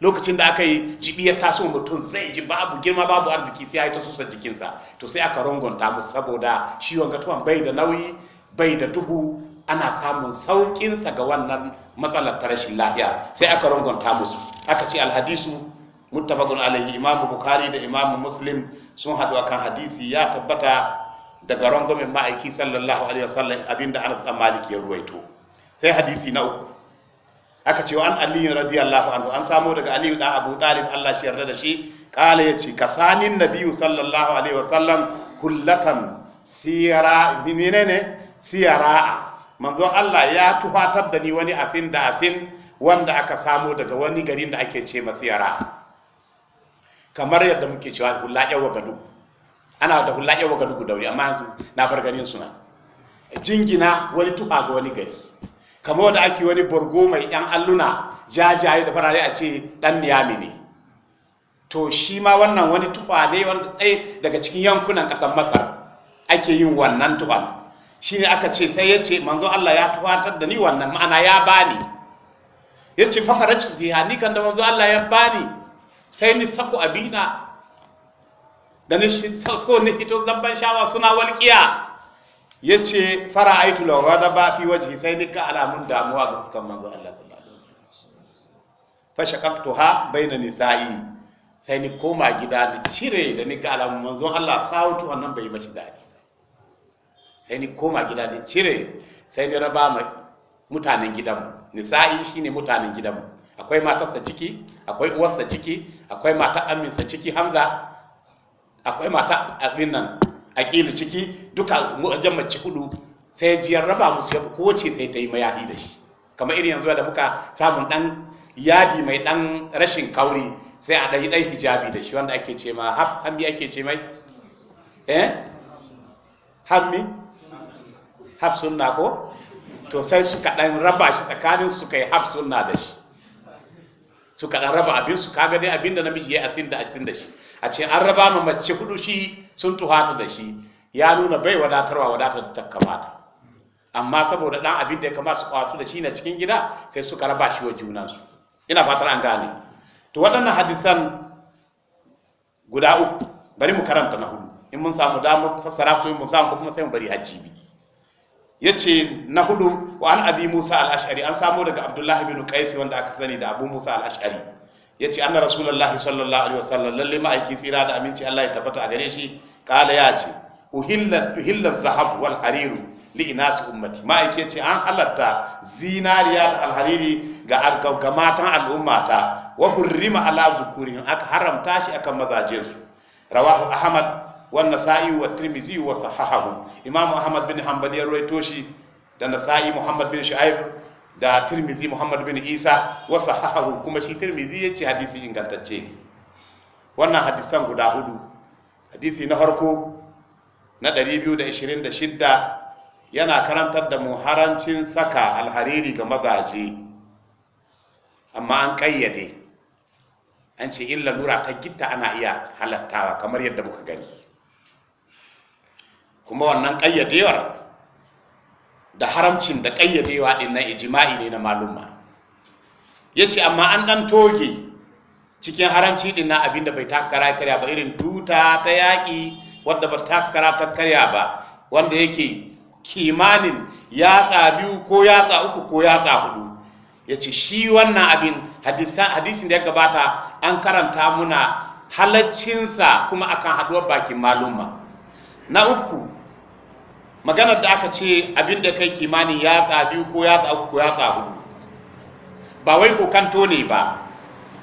lokacin da aka yi jibiyar taso mutum zai ji babu girma babu arziki sai ya yi ta sosa jikinsa to sai aka rungunta mu saboda shi wanga tuwon bai da nauyi bai da duhu ana samun sauƙinsa ga wannan matsalar ta rashin lafiya sai aka rungunta musu aka ce alhadisu muttafaqun alaihi imamu bukhari da imamu muslim sun haɗu kan hadisi ya tabbata daga rungumin ma'aiki sallallahu alaihi wasallam abinda anas dan maliki ya ruwaito sai hadisi na uku aka ce an aliyu radiyallahu anhu an samo daga aliyu da abu talib allah shi yarda da shi kala ya ce kasanin nabiyu sallallahu alaihi wasallam kullatan siyara menene siyara manzo allah ya tufatar da ni wani asin da asin wanda aka samo daga wani garin da ake ce masiyara kamar yadda muke cewa hula yawa gadu ana da hula yawa gadu dauri amma yanzu na bar ganin suna jingina wani tuha ga wani gari kamar da ake wani borgo mai yan alluna jajaye da farare a ce dan niyami ne to shi ma wannan wani tuba ne wanda ɗaya daga cikin yankunan ƙasar masar ake yin wannan tufa shi ne aka ce sai ya ce manzo allah ya tuwatar da ni wannan ma'ana ya bani ya ce fakarar fiha ni kan da manzo allah ya bani sai ni sako abina da ni sako ni hito zamban shawa suna walƙiya ya ce fara aitu lawa da ba fi waje sai nika alamun damuwa ga fuskan manzo Allah sallallahu alaihi wasallam fa shaqaqtuha baina nisa'i sai ni koma gida da cire da nika alamun manzo Allah sautu wannan bai mashi dadi sai ni koma gida da cire sai ni raba mai mutanen gidanmu nisa'i shine mutanen gidanmu akwai matarsa ciki akwai uwarsa ciki akwai mata aminsa ciki hamza akwai mata abin nan ƙila ciki duka wajen mace hudu sai jiyar raba musu ya kowace sai ta yi mayahi da shi kamar irin yanzu da muka samun dan yadi mai dan rashin kauri sai a ɗai ɗai hijabi da shi wanda ake ce ma hammi ake ce mai eh hammi haf sunna ko to sai suka dan raba shi tsakanin suka yi haf sunna da shi suka dan raba abin su kaga dai abin da namiji ya asin da asin da shi a ce an raba ma mace hudu shi sun tuhata da shi ya nuna bai wadatarwa wadatar da ta kamata amma saboda dan abin da ya kamata su kwato da shi na cikin gida sai suka raba shi wa junansu ina fatar an gane to waɗannan hadisan guda uku bari mu karanta na hudu in mun samu damar fassara su mun samu kuma sai mu bari bi yace na hudu wa an abi musa al-ash'ari an samo daga abdullahi bin qais wanda aka sani da abu musa al-ash'ari yace anna rasulullahi sallallahu alaihi wasallam lalle aiki tsira da aminci Allah ya tabbata a gare shi kala ya ce uhillar zahab wal hariru li su ummati ma'aike ce an halatta zinariya alhariri ga ga matan al'ummata wa hurrima ala zukurihim aka haramta shi akan mazajensu rawahu ahmad wa nasa'i wa tirmidhi wa sahahahu imamu ahmad bin hambaliyar ya da na sa'i muhammad bin shu'aib da tirmizi muhammad bin isa wasu hahahu kuma shi tirmizi ya ce hadisi ingantacce ne wannan hadisan guda hudu hadisi na farko na 226 yana karantar da muharancin saka alhariri ga mazaje amma an kayyade an ce illa lura ta gitta ana iya halattawa kamar yadda muka gani kuma wannan ƙayyadewar da haramcin da kayyadewa din na ijima'i ne na malumma Yace amma an dan toge cikin haramci din na abin da bai takara karya ba irin duta ta yaƙi wadda ba takara ta karya ba wanda yake kimanin yatsa biyu ko yatsa uku ko yatsa hudu ya ce shi wannan abin hadisin da ya gabata an karanta muna halaccinsa kuma akan haduwar bakin malumma na uku maganar da aka ce abin da kai kimanin yatsa biyu ko yatsa uku ko yatsa hudu ba wai kokanto ne ba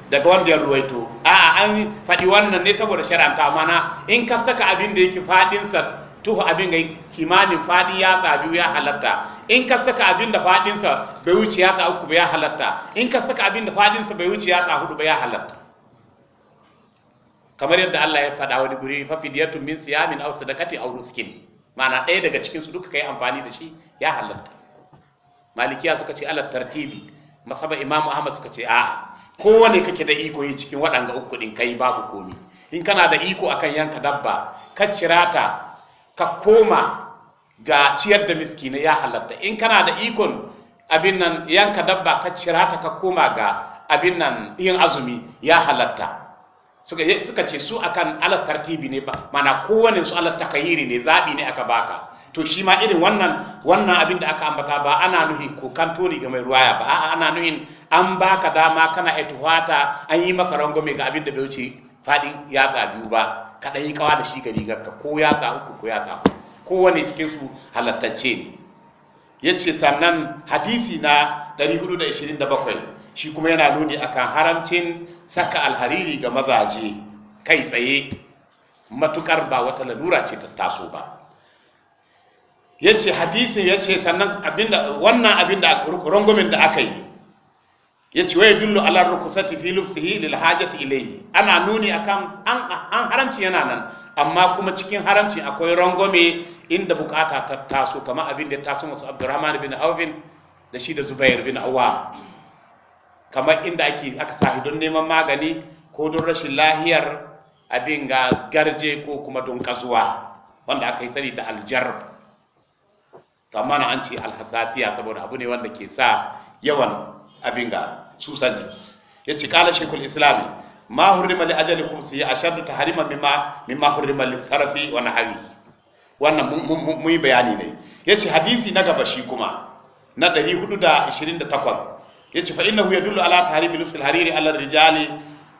daga wanda ya ruwaito a an faɗi wannan ne saboda sharanta mana in ka saka abin da yake faɗinsa tuhu abin ga kimanin faɗi ya biyu ya halatta in ka saka abin da faɗinsa bai wuce ya uku ba ya halatta in ka saka abin da faɗinsa bai wuce ya hudu ba ya halatta kamar yadda Allah ya faɗa wani guri fa fidiyatun min siyamin aw sadaqati aw nuskin ma'ana ɗaya daga cikin su duka kai amfani da shi ya halatta malikiya suka ce alat tartibi masaba imam ahmad suka ce a'a kowane kake da iko yi cikin waɗanga uku din kai babu komi in kana da iko akan yanka dabba ka cirata ka koma ga ciyar da miskina ya halatta in kana da ikon abin nan yanka dabba ka cirata ka koma ga abin nan yin azumi ya halatta suka ce su akan ala tartibi ne ba mana kowane su ala takayiri ne zaɓi ne aka baka to shi ma irin wannan wannan abin da aka ambata ba ana nuhin ko ne ga mai ruwaya ba a'a ana nuhin an baka dama kana etuhata an yi maka rangwame ga abin da bai wuce faɗin yatsa biyu ba ka yi kawa da shi ga rigarka ko yatsa uku ko yatsa uku kowane cikin su halattacce ne ya ce sannan hadisi na 427 shi kuma yana nuni akan haramcin saka alhariri ga mazaje kai tsaye matukar ba wata lalura ce ta taso ba ya ce hadisin ya ce sannan abinda wannan abinda rungumin da aka yi ya ce waye dullu ala rukusati fi lufsihi lil hajati ilayhi ana nuni a kan an haramci yana nan amma kuma cikin haramci akwai rangwame inda bukata ta taso kamar abin da taso musu Abdurrahman bin Auf da shi da Zubair bin Awwam kamar inda ake aka sahi don neman magani ko don rashin lahiyar abin ga garje ko kuma don kasuwa wanda aka yi sani da aljarb to amma an ce alhasasiya saboda abu ne wanda ke sa yawan abin ga susan jiki ya ce kala shekul islami ma hurrima li ajali kum si ta harima mimma mimma hurrima li sarafi wa nahwi wannan mun yi bayani ne ce hadisi na gaba shi kuma na 428 yace fa innahu dullu ala tahrimi lufsil hariri ala rijali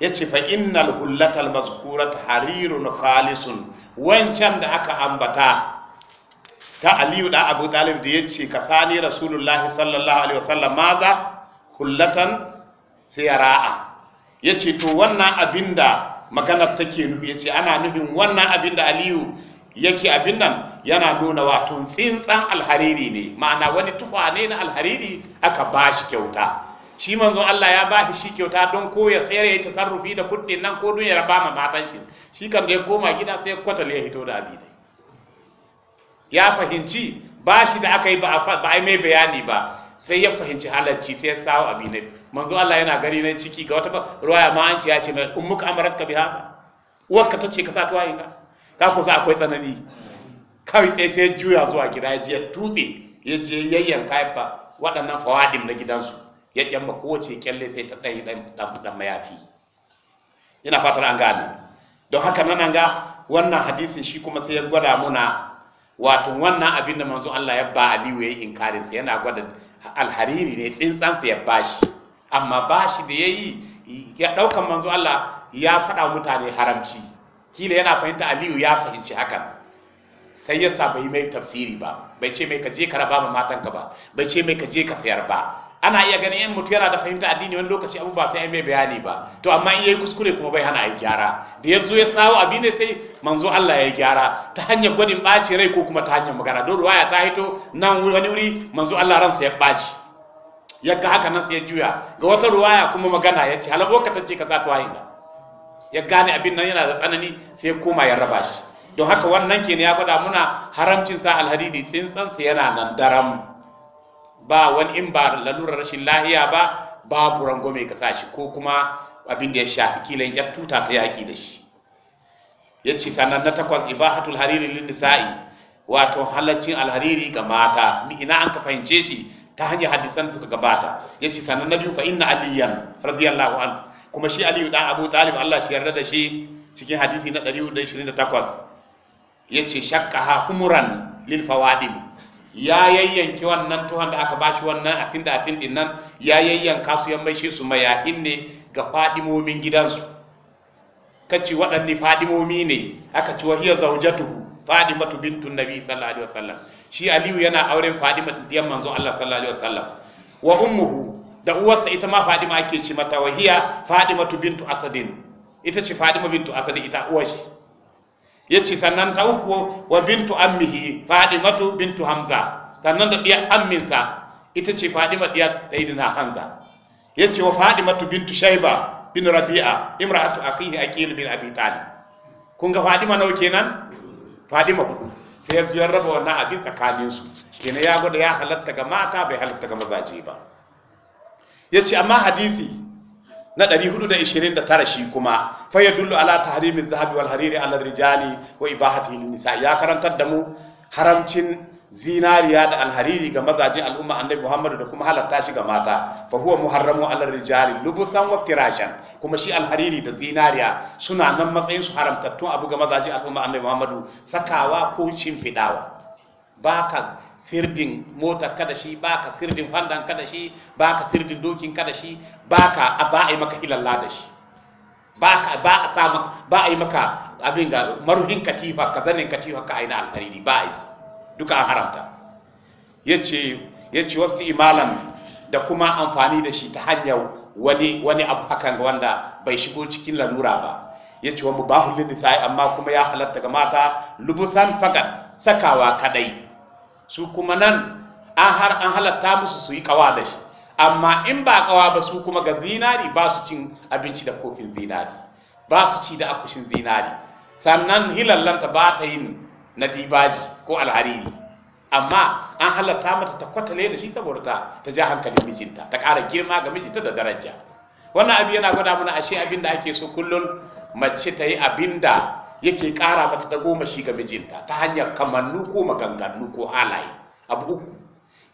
yace fa innal hullatal mazkurata harirun khalisun wancan da aka ambata ta aliyu da abu talib da ya ce ka sani rasulullah sallallahu alaihi wasallam maza hullatan siyara'a ya ce to wannan abin da maganar take nufi ya ce ana nufin wannan abin da aliyu yake abin nan yana nuna wato tsintsan alhariri ne ma'ana wani tufane na alhariri aka ba shi kyauta shi manzon Allah ya ba shi shi kyauta don ko ya tsere ya tasarrufi da kuɗin nan ko don ya raba ma matan shi shi kan da ya koma gida sai ya kwatale ya hito da abinai ya fahimci ba shi da aka yi ba a mai bayani ba sai ya fahimci halarci sai ya sawo abi ne manzo Allah yana gani nan ciki ga wata ruwaya ma an ce ya ce mai ummuka amarat ka bi haka? tace ka sa tuwayin ka ka ku sa akwai tsanani kawai sai sai juya zuwa gida ya je ya tube ya je yayyan kaifa waɗannan fawadin na gidansu ya yamma kowace kyalle sai ta ɗan dan dan mayafi ina fatar an gane don haka nan an ga wannan hadisin shi kuma sai ya gwada muna wato wannan abin da manzo Allah ya ba Aliyu ya yi inkarin sa yana gwada alhariri ne tsintsan sa ya bashi amma bashi da yayi ya daukan manzo Allah ya faɗa mutane haramci kila yana fahimta Aliyu ya fahimci hakan sai ya sa bai mai tafsiri ba bai ce mai ka je ka raba ma matanka ba bai ce mai ka je ka sayar ba ana iya ganin yan mutu yana da fahimta addini wani lokaci abubuwa sai ai mai bayani ba to amma in yayi kuskure kuma bai hana ai gyara da yazo ya sawo abin ne sai manzo Allah ya gyara ta hanyar gwadin baci rai ko kuma ta hanyar magana don ruwaya ta hito nan wani wuri manzo Allah ransa ya baci ya ga haka nan sai ya juya ga wata ruwaya kuma magana ya ce halabo ka tace ka za ta wayin ya gane abin nan yana da tsanani sai ya koma ya raba shi don haka wannan kenan ya faɗa muna haramcin sa alhadidi san sa yana nan daram ba wani in ba lalurar rashin lahiya ba babu rangwame ka sa shi ko kuma abin da ya shafi kilan ya tuta ta yaƙi da shi ya ce sannan na takwas ibahatul hariri lin nisa'i wato halaccin alhariri ga mata ni ina an ka fahimce shi ta hanyar hadisan da suka gabata ya ce sannan na biyu fa inna aliyan radiyallahu an kuma shi aliyu dan abu talib allah shi yarda da shi cikin hadisi na 128 ya ce shakka ha humuran lil fawadim ya yayyanki wannan tuhan da aka bashi wannan asin da asin din nan ya yayyanka su 'yan maishe su mayahin ne ga fadimomin gidansu kace waɗanne fadimomi ne aka ci wahiya zaujatu fadimatu bintun nabi sallallahu alaihi wasallam shi aliyu yana auren fadima diyan manzo Allah sallallahu alaihi wasallam wa ummuhu da uwarsa ita ma fadima ake ci mata wahiya fadimatu bintu asadin ita ce fadima bintu asadin ita uwar shi yace sannan ta uku wa bintu ammihi fadimatu bintu hamza sannan da diyar amminsa ita ce fadima diyar daidina hamza yace wa fadimatu bintu shaiba bin rabi'a imra'atu akihi aqil bin abi talib kun ga fadima nawa kenan fadima hudu sai ya zuwa raba wannan abin tsakanin su kenan ya gwada ya halatta ga mata bai halatta ga mazaje ba yace amma hadisi na 429 shi kuma fa dullu ala tahrimi zahabi wal hariri ala rijali wa ibahati lin nisa ya karantar da mu haramcin zinariya da alhariri ga mazajin al'umma annabi Muhammadu da kuma halatta shi ga mata fa huwa muharramu ala rijali lubusan wa firashan kuma shi alhariri da zinariya suna nan matsayin su haramtattun abu ga mazajin al'umma annabi Muhammadu sakawa ko shimfidawa baka sirdin mota kada shi baka sirdin fandan kada shi baka sirdin dokin kada shi baka a ba a yi maka hilalla da shi ba a sa maka ba a yi maka abin ga maruhin katifa ka zanin katifa ka aina alhariri ba a yi duka an haramta yace yace wasu imalan da kuma amfani da shi ta hanyar wani wani abu hakan wanda bai shigo cikin lalura ba ya ce wa mubahul nisa'i amma kuma ya halatta ga mata lubusan fagan sakawa kadai su kuma nan an har an halatta musu su yi kawa da shi amma in ba kawa ba su kuma ga zinari ba su cin abinci da kofin zinari ba su ci da akushin zinari sannan hilallanta ba ta yin na dibaji ko alhariri amma an halatta mata ta kwatale da shi saboda ta ta ja hankalin mijinta ta ƙara girma ga mijinta da daraja wannan abin yana gwada mana ashe abin da ake so kullum mace ta yi abin da yake ƙara mata ta goma shi ga mijinta ta hanyar kamannu ko maganganu ko halaye abu uku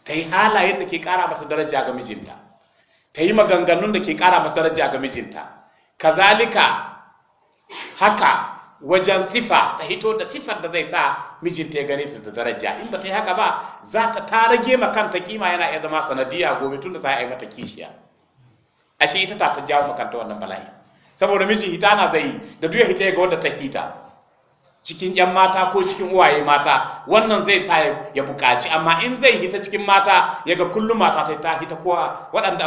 ta yi halayen da ke ƙara mata daraja ga mijinta ta yi maganganun da ke kara mata daraja ga mijinta kazalika haka wajen sifa ta hito da sifar da zai sa mijinta ya gani ta da daraja in ba ta yi haka ba za ta ta rage ma kanta kima yana iya zama sanadiya gobe tun da za a yi mata kishiya ashe ita ta ta jawo makanta wannan bala'i saboda miji hita na zai da biyu hita ga wadda ta hita cikin yan mata ko cikin uwaye mata wannan zai sa ya bukaci amma in zai hita cikin mata ya ga kullum mata ta hita, hita kowa waɗanda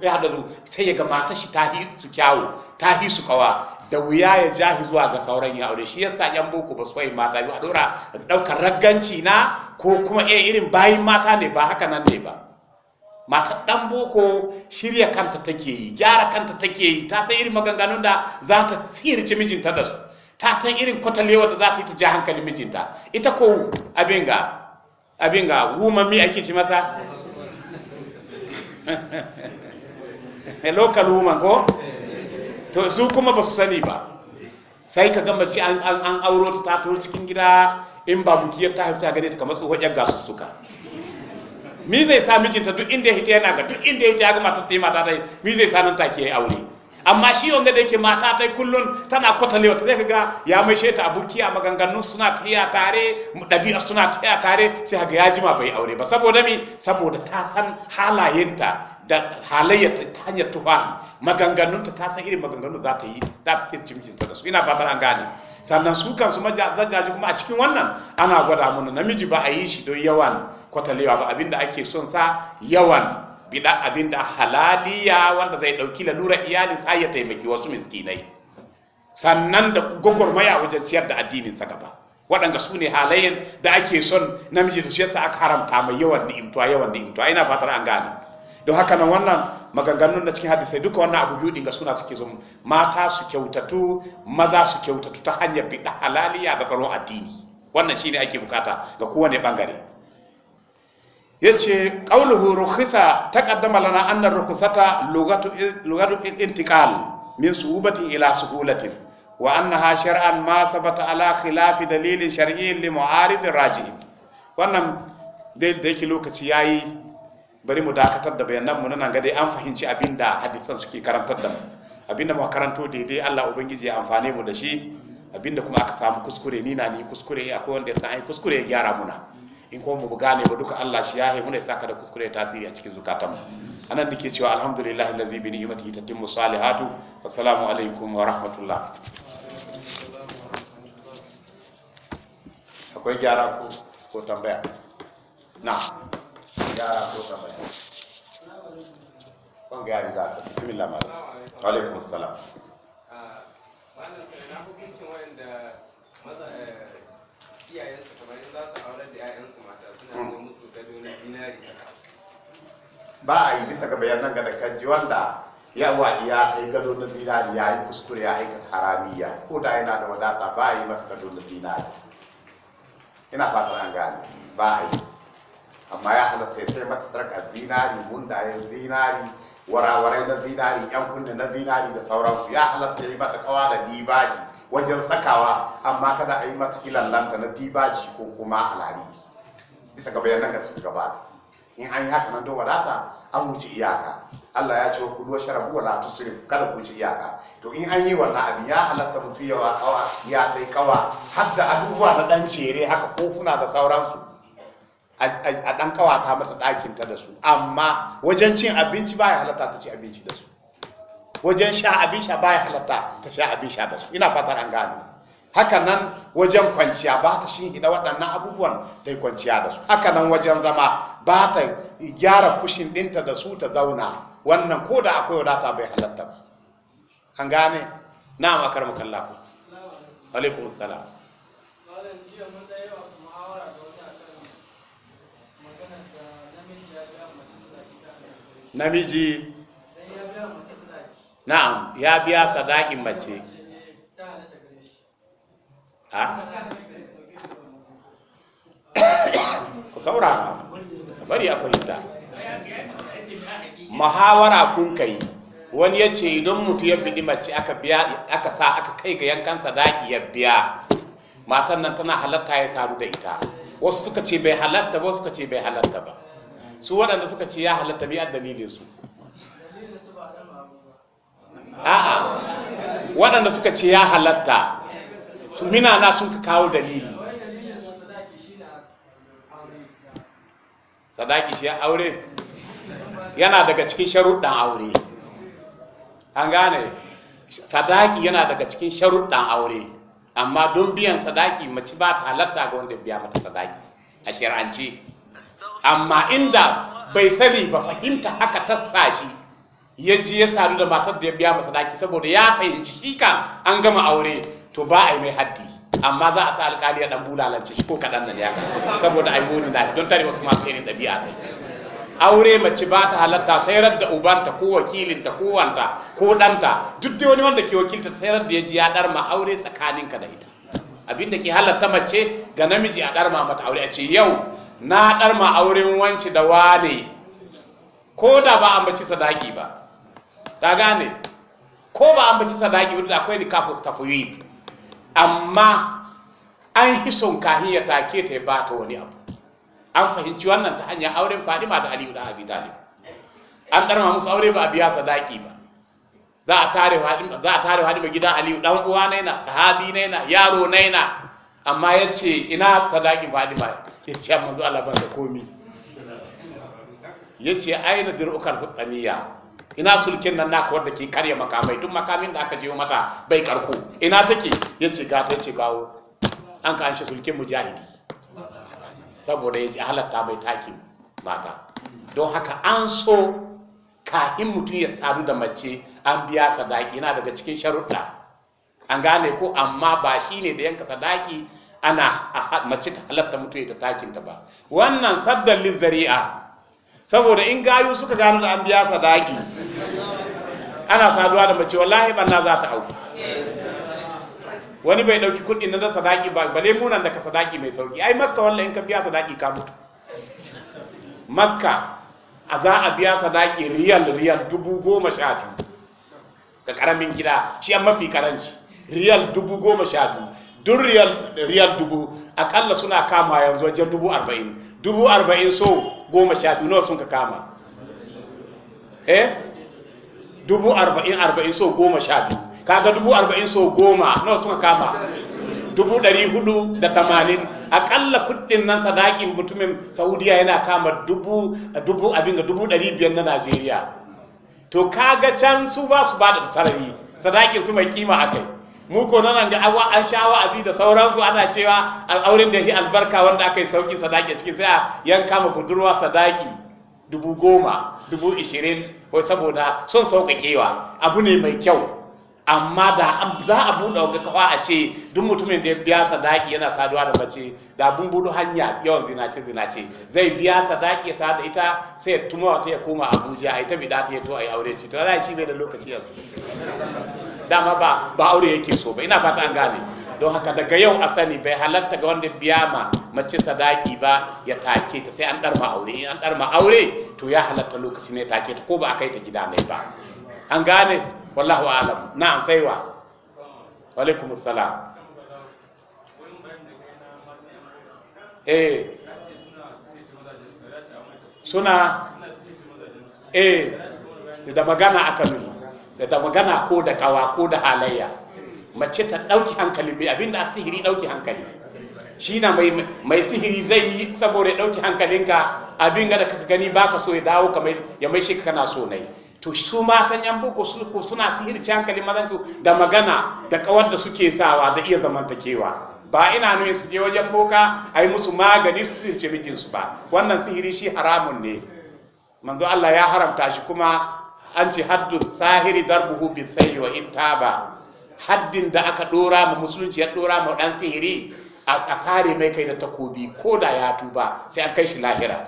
ya haɗu sai ya ga mata shi ta su kyawu ta hi su kawa da wuya ya jahi zuwa ga sauran ya aure shi yasa yan boko ba su fahimta mata biyu a ɗora ɗaukar ragganci na ko kuma eh, irin bayin mata ne ba haka nan ne ba matar dan boko shirya kanta take yi gyara kanta take yi ta san irin maganganun da za ta tsirce mijinta da su ta san irin kwatalewa da za ta yi ta ja hankalin mijinta ita ko Abinga, Abinga, woman me ake ci masa eh, local woman ko to su kuma ba su sani ba sai ka gama ci an auro ta ta cikin gida in ba bukiyar ta haifi ganin gane ta kamar tsohon yar gasussuka suka mi zai sa mijinta duk inda ya hita yana ga duk inda ya hita ya ga ta yi mata ta yi mi zai sa nan take ya yi aure amma shi wanga da yake mata ta kullun tana kwatalewa ta zai ka ga ya mai ta abuki a maganganun suna tiya tare ɗabi'a suna tiya tare sai ka ga ya jima bai aure ba saboda mi saboda ta san halayenta da halayyar ta hanyar tuba maganganunta ta san irin maganganun za ta yi za ta sayar mijinta da su ina fatar an gane sannan su kansu majaji kuma a cikin wannan ana gwada mana namiji ba a yi shi don yawan kwatalewa ba abinda ake son sa yawan bida abin da halaliya wanda zai ɗauki lalura iyalin sa ya taimaki wasu miskinai sannan da gwagwarmaya wajen ciyar da addinin sa gaba waɗanda su ne halayen da ake son namiji da shi yasa aka haramta mai yawan ni'imtuwa yawan ni'imtuwa ina fatar an gane don haka nan wannan maganganun na cikin hadisai duka wannan abu biyu dinga suna suke zo mata su kyautatu maza su kyautatu ta hanyar biɗa halaliya da tsaron addini wannan shine ake bukata ga kowane bangare yace qawluhu rukhsa taqaddama lana anna rukhsata lugatu lugatu intiqal min suhubati ila suhulatin wa annaha shar'an ma sabata ala khilafi dalilin shar'iyyin li mu'arid raji wannan dai da yake lokaci yayi bari mu dakatar da bayanan mu nan ga dai an fahimci abinda hadisan suke karantar da mu abinda mu karanto daidai Allah ubangiji ya amfane mu da shi abinda kuma aka samu kuskure ni na ni kuskure akwai wanda ya san ai kuskure ya gyara muna in kuma mu gane ba duka Allah shi yahe muna ya saka da kuskure tasiri a cikin zukatanmu anan nake cewa alhamdulillah allazi bi ni'matihi tatimmu salihatu wassalamu alaikum wa rahmatullah akwai gyara ko ko tambaya na gyara ko tambaya ban gyara za ka bismillah malam alaikum assalam malam eh, aurar da 'ya'yansu mata suna sai musu gado ba a yi bisa ga bayanan ga da wanda ya waɗi ya kai gado na zinari ya yi kuskure ya aikata haramiya ko da yana da wadata ba a yi mata gado na zinari ina fatan an gane ba a yi amma ya halatta ya sai mata sarkar zinari mundayen zinari warawarai na zinari yan kunne na zinari da sauransu ya halatta yi mata kawa da dibaji wajen sakawa amma kada a yi mata ilallanta na dibaji ko kuma halari bisa ga bayanan ga su gabata in an yi haka nan da wadata an wuce iyaka Allah ya ce wa kulu sharabu wala tusrif kada ku wuce iyaka to in an yi wannan abin ya halatta mutu yawa kawa ya kai kawa har da abubuwa na dan cere haka kofuna da sauransu a ɗan ƙawata mata ɗakin ta da su amma wajen cin abinci baya halatta ta ci abinci da su wajen sha abin sha baya halatta ta sha abin sha da su ina fatar an gane Hakanan wajen kwanciya ba ta shi hida waɗannan abubuwan ta yi kwanciya da su haka wajen zama ba ta gyara kushin ɗinta da su ta zauna wannan ko da akwai wadata bai halatta ba an gane na makar ku alaikum salam namiji na'am ya biya sadakin mace ha ku saurara bari a fahimta muhawara kun kai wani ya ce idan mutu ya bidi mace aka sa aka kai ga yankan sadaki ya biya matan nan tana halatta ya saru da ita wasu suka ce bai halatta ba wasu suka ce bai halatta ba su waɗanda suka ce ya halatta mi dalilin su a'a waɗanda suka ce ya halatta su mina na sun ka kawo dalili sadaki shi aure yana daga cikin sharuɗan aure an gane sadaki yana daga cikin sharuɗan aure amma don biyan sadaki mace ba ta halatta ga wanda biya mata sadaki a shirance amma inda bai sani ba fahimta haka ta sashi ya ji ya sadu da matar da ya biya masa daki saboda ya fahimci shi kan an gama aure to ba a yi mai haddi amma za a sa alkali ya dan bulalance shi ko kaɗan nan ya saboda a yi muni don tare wasu masu irin dabi'a ta aure mace ba ta halatta sai da ubanta ko wakilinta ko wanta ko ɗanta duk dai wani wanda ke wakilta sai da ya ji ya darma aure tsakanin ka da ita abinda ke halatta mace ga namiji a darma mata aure a ce yau na dar ma auren wanci da wane ko da ba ambaci sadaki ba ta gane ko ba ambaci sadaki wadda akwai ni kafin tafiye amma an yi son kahin ya take ta ba ta wani abu an fahimci wannan ta hanyar auren fatima da aliyu da abi talib an ɗarma musu aure ba a biya sadaki ba za a tare hadima gida aliyu dan uwa na yana sahabi na yana yaro na yana amma ya ce ina sadaki fadima ya ce amma zuwa labar da komi ya ce aina dirukar hutsaniya ina sulkin nan naka wadda ke karya makamai duk makamin da aka jiyo mata bai karko ina take ya ce ga ta ce kawo an ka an shi sulkin mujahidi saboda ya ji halatta bai takin mata don haka an so kafin mutum ya sadu da mace an biya sadaki na daga cikin sharuɗa an gane ko amma ba ne da yanka sadaki ana mace ta halatta mutu ta takinta ba wannan saddan zari'a saboda in gayu suka gano da an biya sadaki ana saduwa da mace wallahi banna za ta auku wani bai ɗauki kudi na da sadaki ba bale munan da ka sadaki mai sauki ai makka wallahi in ka biya sadaki ka mutu makka a za a biya sadaki riyal riyal dubu goma sha biyu ga karamin gida shi an mafi karanci riyal dubu goma sha biyu duk riyal dubu akalla suna kama yanzu wajen dubu arba'in dubu arba'in so goma sha biyu nawa sun ka kama eh dubu arba'in arba'in so goma sha biyu kaga dubu arba'in so goma nawa sun ka kama dubu ɗari hudu da tamanin akalla kuɗin nan sadakin mutumin saudiya yana kama dubu dubu abin ga dubu ɗari biyar na najeriya to kaga can su ba su ba da sarari sadakin su mai kima akai mu ko nan ga awa an sha wa'azi da sauransu ana cewa auren da yi albarka wanda aka yi sauki sadaki ciki sai a yanka ma budurwa sadaki dubu goma dubu ishirin wai saboda son sauƙaƙewa abu ne mai kyau amma da za a buɗe wa kawa a ce duk mutumin da ya biya sadaki yana saduwa da mace da abun buɗe hanya yawan zinace zinace zai biya sadaki ya sada ita sai ya tuma wata ya koma abuja a ita bida ta ya to a yi aure ci ta shi bai da lokaci yanzu dama ba ba aure yake so ba ina fata an gane don haka daga yau a sani bai halarta ga wanda biya ma mace sadaki ba ya take ta sai an darma aure in an darma aure to ya halatta lokaci ne take ta ko ba a kai ta gida mai ba an gane wallahu alam na'am saiwa wa alaikum salam eh. suna eh da magana aka nuna da magana ko da kawa ko da halayya mace ta ɗauki hankali bai abinda a sihiri ɗauki hankali shi na mai sihiri zai yi saboda ya ɗauki hankalinka abin da kaka gani baka so ya dawo ka ya mai shi kana so na yi to su matan yan boko sulku suna sihirci hankalin mazansu da magana da kawar da suke sawa da iya zamantakewa ba ina nuna su je wajen boka a yi musu magani su sihirce mijinsu ba wannan sihiri shi haramun ne manzo Allah ya haramta shi kuma an ce haddu sahiri darbuhu bi sayyi wa in ba haddin da aka dora ma musulunci ya dora ma dan sihiri a sare mai kai da takobi ko da ya tuba sai an kai shi lahira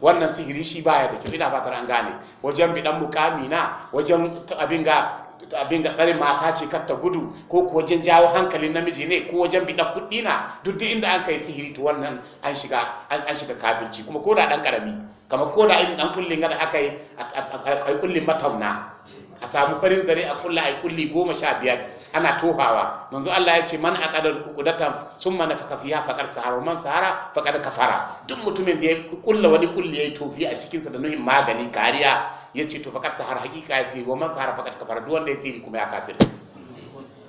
wannan sihiri shi baya da kyau ina fatar an gane wajen bidan mukami na wajen abin ga abin da tsarin mata ce kar ta gudu ko ko wajen jawo hankalin namiji ne ko wajen bidan kuɗi na duk inda an kai sihiri to wannan an shiga an shiga kafirci kuma ko da dan karami kamar ko da an dan ga da aka yi a kulle matauna a samu farin zare a kulla a kulli goma sha biyar ana tofawa manzo Allah ya ce man aqada uqdatan summa nafaka fiha faqad sahara man sahara faqad kafara duk mutumin da ya kulla wani kulli yayi tofi a cikin sa da nuhin magani kariya yace to faqad sahara hakika ya sai wa man sahara faqad kafara duk wanda ya sai kuma ya kafir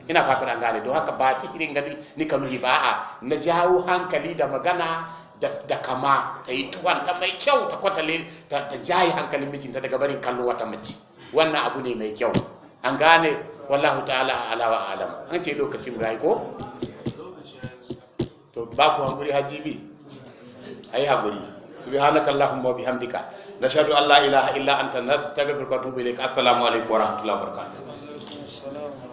ina fatar an gane don haka ba sihirin gani ni ka nuhi ba a na jawo hankali da magana da kama ta yi tuwan ta mai kyau ta kwatale ta jaye hankalin mijinta daga barin kallo wata mace wannan abu ne mai kyau an gane wallahu ta'ala alawa alama an ce lokacin rai ko to ba ku hankuri hajibi ayi hakuri subhanaka allahumma wa bihamdika nashhadu an la ilaha illa anta nastaghfiruka wa atubu ilaik assalamu alaikum wa rahmatullahi wa barakatuh